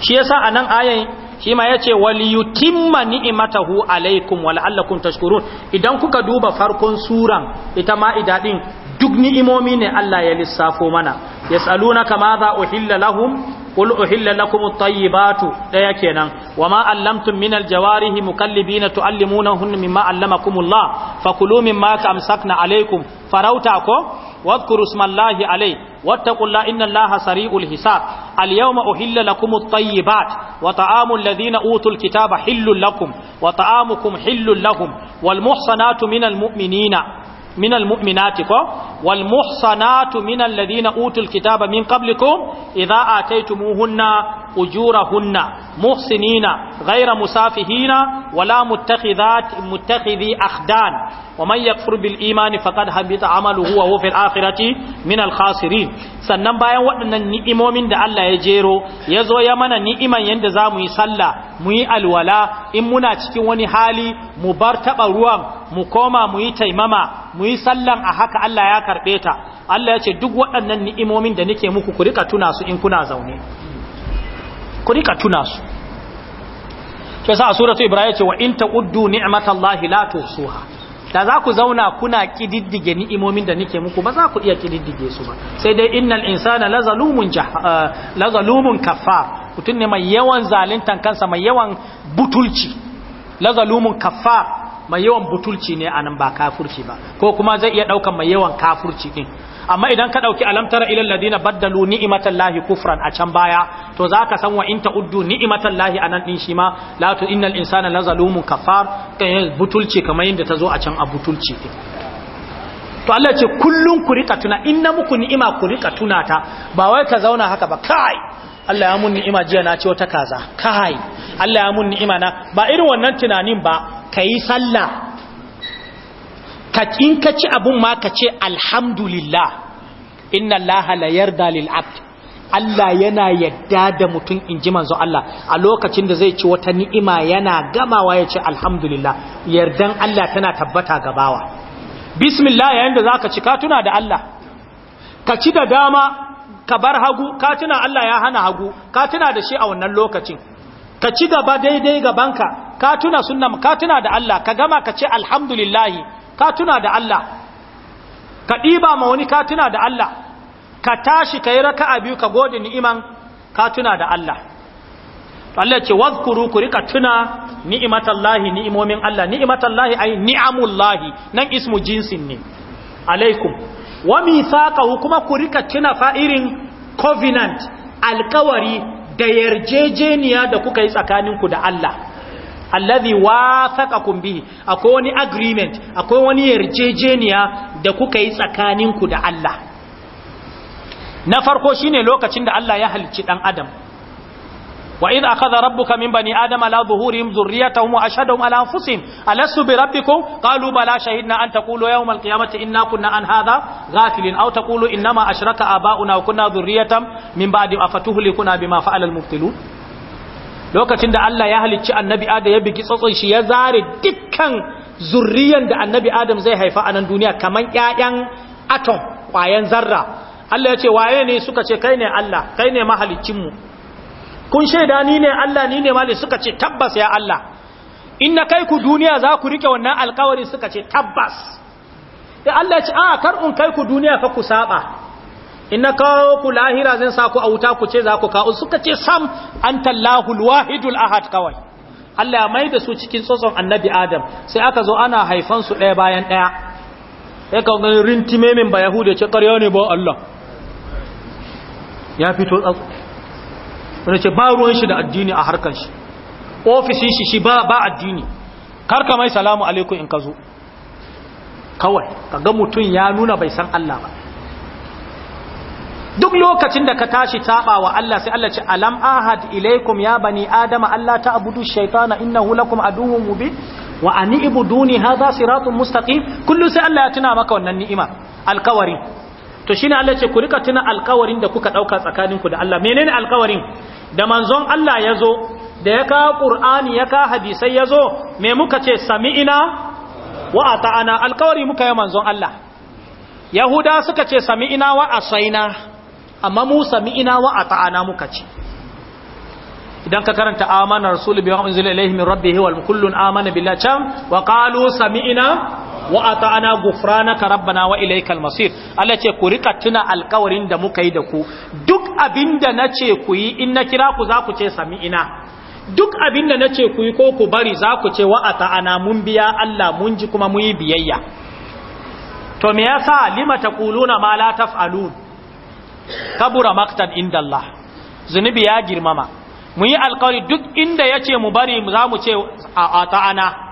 shi yasa nan ayan shi ma yace waliyutimma ni'imatahu alaikum wala'allakum tashkurun idan kuka duba farkon suran ita ma'ida din duk ni'imomi ne Allah ya lissafo mana ya yas'alunaka ma za uhilla lahum qul uhilla lakum at-tayyibatu daya kenan wama allamtum min al-jawarihi mukallibina tuallimunahunna mimma allamakumullah fakulu mimma kamsakna alaykum farauta ko واذكروا اسم الله عليه واتقوا الله إن الله سريع الحساب اليوم أحل لكم الطيبات وطعام الذين أوتوا الكتاب حل لكم وطعامكم حل لهم والمحصنات من المؤمنين من المؤمنات كو والمحصنات من الذين أوتوا الكتاب من قبلكم إذا آتيتموهن ujurahunna muhsinina ghaira musafihina wala muttakhidat muttakhidhi akhdan wa man yakfur bil imani faqad habita amaluhu wa huwa fil min sannan bayan waɗannan ni'imomin da Allah ya jero yazo ya mana ni'iman yanda zamu yi sallah mu yi alwala in muna cikin wani hali mu bar taɓa ruwan mu koma mu yi taimama mu yi sallan a haka Allah ya karɓe ta Allah ya ce duk waɗannan ni'imomin da nake muku ku rika tuna su in kuna zaune ku rika tuna su to sa suratu ibrahim ce wa in taquddu ni'matallahi la tuhsuha da za ku zauna kuna kididdige ni'imomin da nike muku ba za ku iya kididdige su ba sai dai innal insana la zalumun eh, la zalumun kaffar mutum ne mai yawan zalintan kansa mai yawan butulci la zalumun kaffar mai yawan butulci ne anan ba kafurci ba ko kuma zai iya daukan mai yawan kafurci din amma idan ka dauki alamtara ilal ladina baddalu ni'matallahi kufran a can baya to zaka san wa inta uddu ni'matallahi anan din shi ma la tu innal insana zalumun kafar butulci kamar yanda tazo a can a butulci din to Allah ya ce kullun ku rika tuna inna muku ni'ima ku rika tuna ta ba wai ka zauna haka ba kai Allah ya mun ni'ima jiya na ci wata kaza kai Allah ya mun ni'ima na ba irin wannan tunanin ba kai sallah ka in ka ci abun ma ka ce alhamdulillah inna allaha la yarda lil abd Allah yana yadda da mutum in ji manzo Allah a lokacin da zai ci wata ni'ima yana gamawa ya ce alhamdulillah yardan Allah tana tabbata gabawa bismillah yayin da zaka ci ka tuna da Allah ka ci da dama ka bar hagu ka tuna Allah ya hana hagu ka tuna da shi a wannan lokacin ka ci gaba daidai gabanka ka tuna sunnam ka tuna da Allah ka gama ka ce alhamdulillah ka tuna da Allah ka ɗiba ma wani ka tuna da Allah ka tashi ka yi raka'a biyu ka gode ni'iman ka tuna da Allah Allah ce wazkuru ku rika tuna ni'imatallahi ni'imomin Allah ni'imatallahi ai ni'amullahi nan ismu jinsin ne alaikum wa mithaqahu kuma ku rika tuna fa irin covenant alkawari da yarjejeniya da kuka yi tsakaninku da Allah alladhi wathaqakum bi akwai wani agreement akwai wani yarjejeniya da kuka yi tsakaninku da Allah na farko shine lokacin da Allah ya halicci dan adam wa idh akhadha rabbuka min bani adama la zuhurihim dhurriyyatahum wa ashhadahum ala anfusihim alastu bi rabbikum qalu bala shahidna an taqulu yawm alqiyamati inna kunna an hadha a aw taqulu inna ma ashraka na wa kunna dhurriyyatan min ba'di afatuhlikuna bima fa'ala almubtilun lokacin da Allah ya halicci annabi adam ya bigi tsotson shi ya zari dukkan zurriyan da annabi adam zai haifa a nan duniya kaman ya'yan atom kwayan zarra Allah ya ce waye ne suka ce kai ne Allah kai ne mahaliccinmu kun shaida ni ne Allah ni ne mali suka ce tabbas ya Allah in na kai ku duniya za ku rike wannan alkawari suka ce tabbas da Allah ya ce a ah, kar in kai ku duniya fa ku saba in na kawo ku lahira zan sa ku a wuta ku ce za ku kawo suka ce sam antallahu wahidul ahad kawai Allah ya mai da su cikin tsotson annabi Adam sai aka zo ana haifan su ɗaya bayan ɗaya sai ka ganin rintime min ba ya ce ƙarya ne ba Allah ya fito tsotson wanda ce ba ruwan shi da addini a harkar shi ofishin shi shi ba ba addini karka mai salamu alaikum in ka zo kawai kaga mutum ya nuna bai san Allah ba duk lokacin da ka tashi taba wa Allah sai Allah ce alam ahad ilaikum ya bani adama Allah ta abudu shaitana innahu lakum aduwwun mubin wa an ibuduni hadha siratun mustaqim kullu sai Allah ya tuna maka wannan ni'ima alkawari to shine Allah ce ku rika tuna alkawarin da kuka dauka tsakaninku da Allah menene alkawarin da manzon Allah yazo da ya kawo qur'ani ya kawo hadisai yazo me muka ce sami'ina wa ata'ana alkawari muka yi manzon Allah yahuda suka ce sami'ina wa asaina amma mu sami'ina wa ata'ana muka ce idan ka karanta amana rasul bi wa unzila ilayhi min rabbih wal kullun amana billahi wa qalu sami'ina wa ata'ana ghufranaka rabbana wa ilaykal masir Allah ce ku rika tuna alkawarin da muka yi da ku duk abinda nace ku yi in na kira ku za ku ce sami ina. duk abinda nace ku yi ko ku bari za ku ce wa ana mun biya Allah mun ji kuma muyi biyayya to me yasa lima taquluna ma la taf'alun kabura maktan indallah zunubi ya girmama mu yi alƙawari duk inda yace mu bari za mu ce a ana,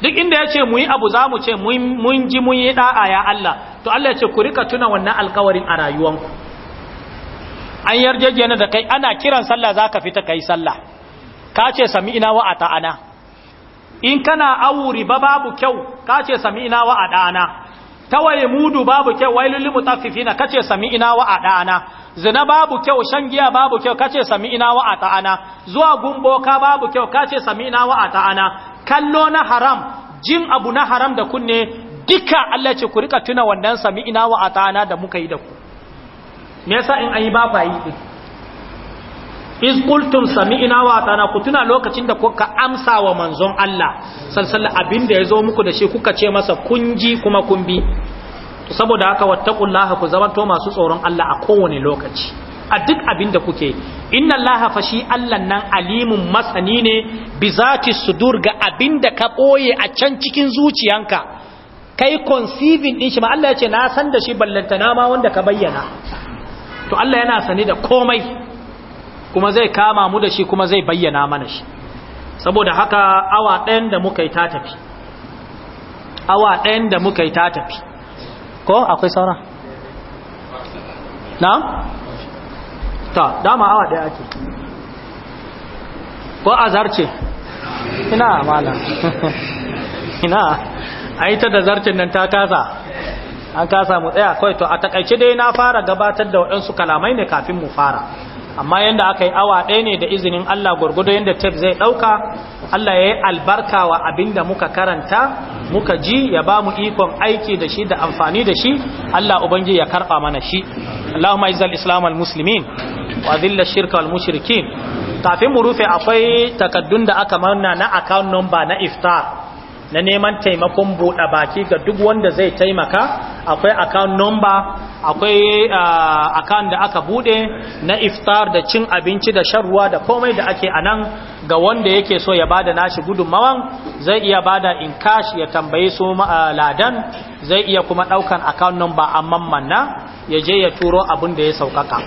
duk inda ya ce mu abu za mu ce mun ji mun yi da'a ya Allah to Allah ya ce ku rika tuna wannan alkawarin a rayuwanku an yarjejena da kai ana kiran sallah za ka fita kai sallah ka ce sami ina wa a in kana auri ba babu kyau ka ce sami ina wa a ɗa'ana tawaye mudu babu kyau wailulli mutaffifina ka ce sami ina wa a ɗa'ana zina babu kyau shan giya babu kyau kace sami ina wa ta'ana zuwa gumboka babu kyau kace sami ina wa ta'ana kallo na haram jin abu na haram da kunne duka Allah ce ku rika tuna wannan sami ina wa atana da muka yi da ku me yasa in ayi ba fa yi iz qultum ina wa atana ku tuna lokacin da kuka amsa wa manzon Allah sallallahu abin da yazo muku da shi kuka ce masa kunji kuma kun bi saboda haka wattaqullaha ku zamanto masu tsoron Allah a kowane lokaci a duk abin da kuke inna Allah fa shi Allah nan alimun masani ne bi zati sudur ga abin da ka boye a can cikin zuciyanka kai conceiving din shi ma Allah ya ce na san da shi ballantana ma wanda ka bayyana to Allah yana sani da komai kuma zai kama mu da shi kuma zai bayyana mana shi saboda haka awa ɗayan da muka yi ta tafi awa ɗayan da muka yi ta tafi ko akwai saura na? ta dama awa daya ake ko azar ce ina mala ina ai ta da zarcin nan ta kasa an kasa mu tsaya kawai to a takaice dai na fara gabatar da waɗansu kalamai ne kafin mu fara amma yadda aka yi awa ɗaya ne da izinin Allah gwargwado yanda tef zai ɗauka Allah ya yi albarka wa abin da muka karanta muka ji ya ba mu ikon aiki da shi da amfani da shi Allah ubangi ya karɓa mana shi Allahumma izal islamal muslimin wa dhilla shirka wal mushrikin kafin mu rufe akwai takaddun da aka manna na account number na iftar na neman taimakon buɗe baki ga duk wanda zai taimaka akwai account number akwai ah, account da aka buɗe na iftar da cin abinci da shan ruwa da komai da ake a nan ga wanda yake so ya bada nashi gudunmawan zai iya bada in cash ya tambaye su ah, ladan zai iya kuma ɗaukan account number amman manna ya je ya turo abin da ya sauƙaƙa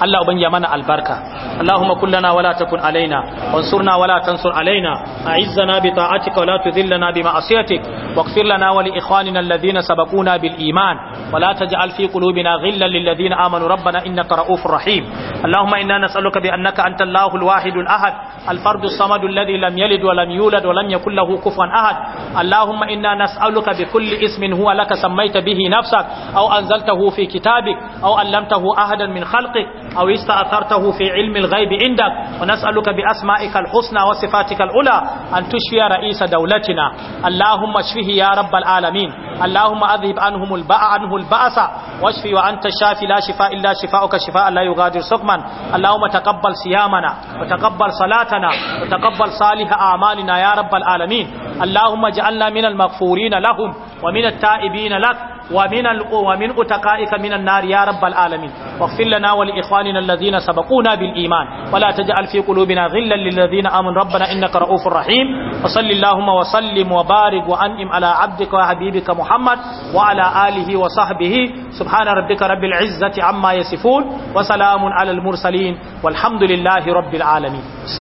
Allah ban ya mana albarka Allahumma kullana wala takun alaina wansurna wala tansur alaina a'izzana bi ta'atika wala tudhillana bi ma'siyatik waghfir lana wa li ikhwanina alladhina sabaquna bil iman wala taj'al fi qulubina ghillan lil ladina amanu rabbana innaka ra'ufur rahim Allahumma inna nas'aluka bi annaka antal lahul wahidul ahad al fardus samadul ladhi lam yalid wa lam yulad wa lam yakul lahu ahad Allahuma inna nas'aluka bi kulli ismin huwa laka sammaita bihi nafsak aw anzaltahu fi kitabik aw allamtahu ahadan min khalqik أو استأثرته في علم الغيب عندك ونسألك بأسمائك الحسنى وصفاتك الأولى أن تشفي رئيس دولتنا اللهم اشفه يا رب العالمين اللهم أذهب عنهم البأ عنه البأس واشفي وأنت الشافي لا شفاء إلا شفاءك شفاء لا يغادر سقما اللهم تقبل صيامنا وتقبل صلاتنا وتقبل صالح أعمالنا يا رب العالمين اللهم اجعلنا من المغفورين لهم ومن التائبين لك ومن ومن اتقائك من النار يا رب العالمين واغفر لنا ولاخواننا الذين سبقونا بالايمان ولا تجعل في قلوبنا غلا للذين امنوا ربنا انك رؤوف رحيم وصل اللهم وسلم وبارك وانعم على عبدك وحبيبك محمد وعلى اله وصحبه سبحان ربك رب العزه عما يصفون وسلام على المرسلين والحمد لله رب العالمين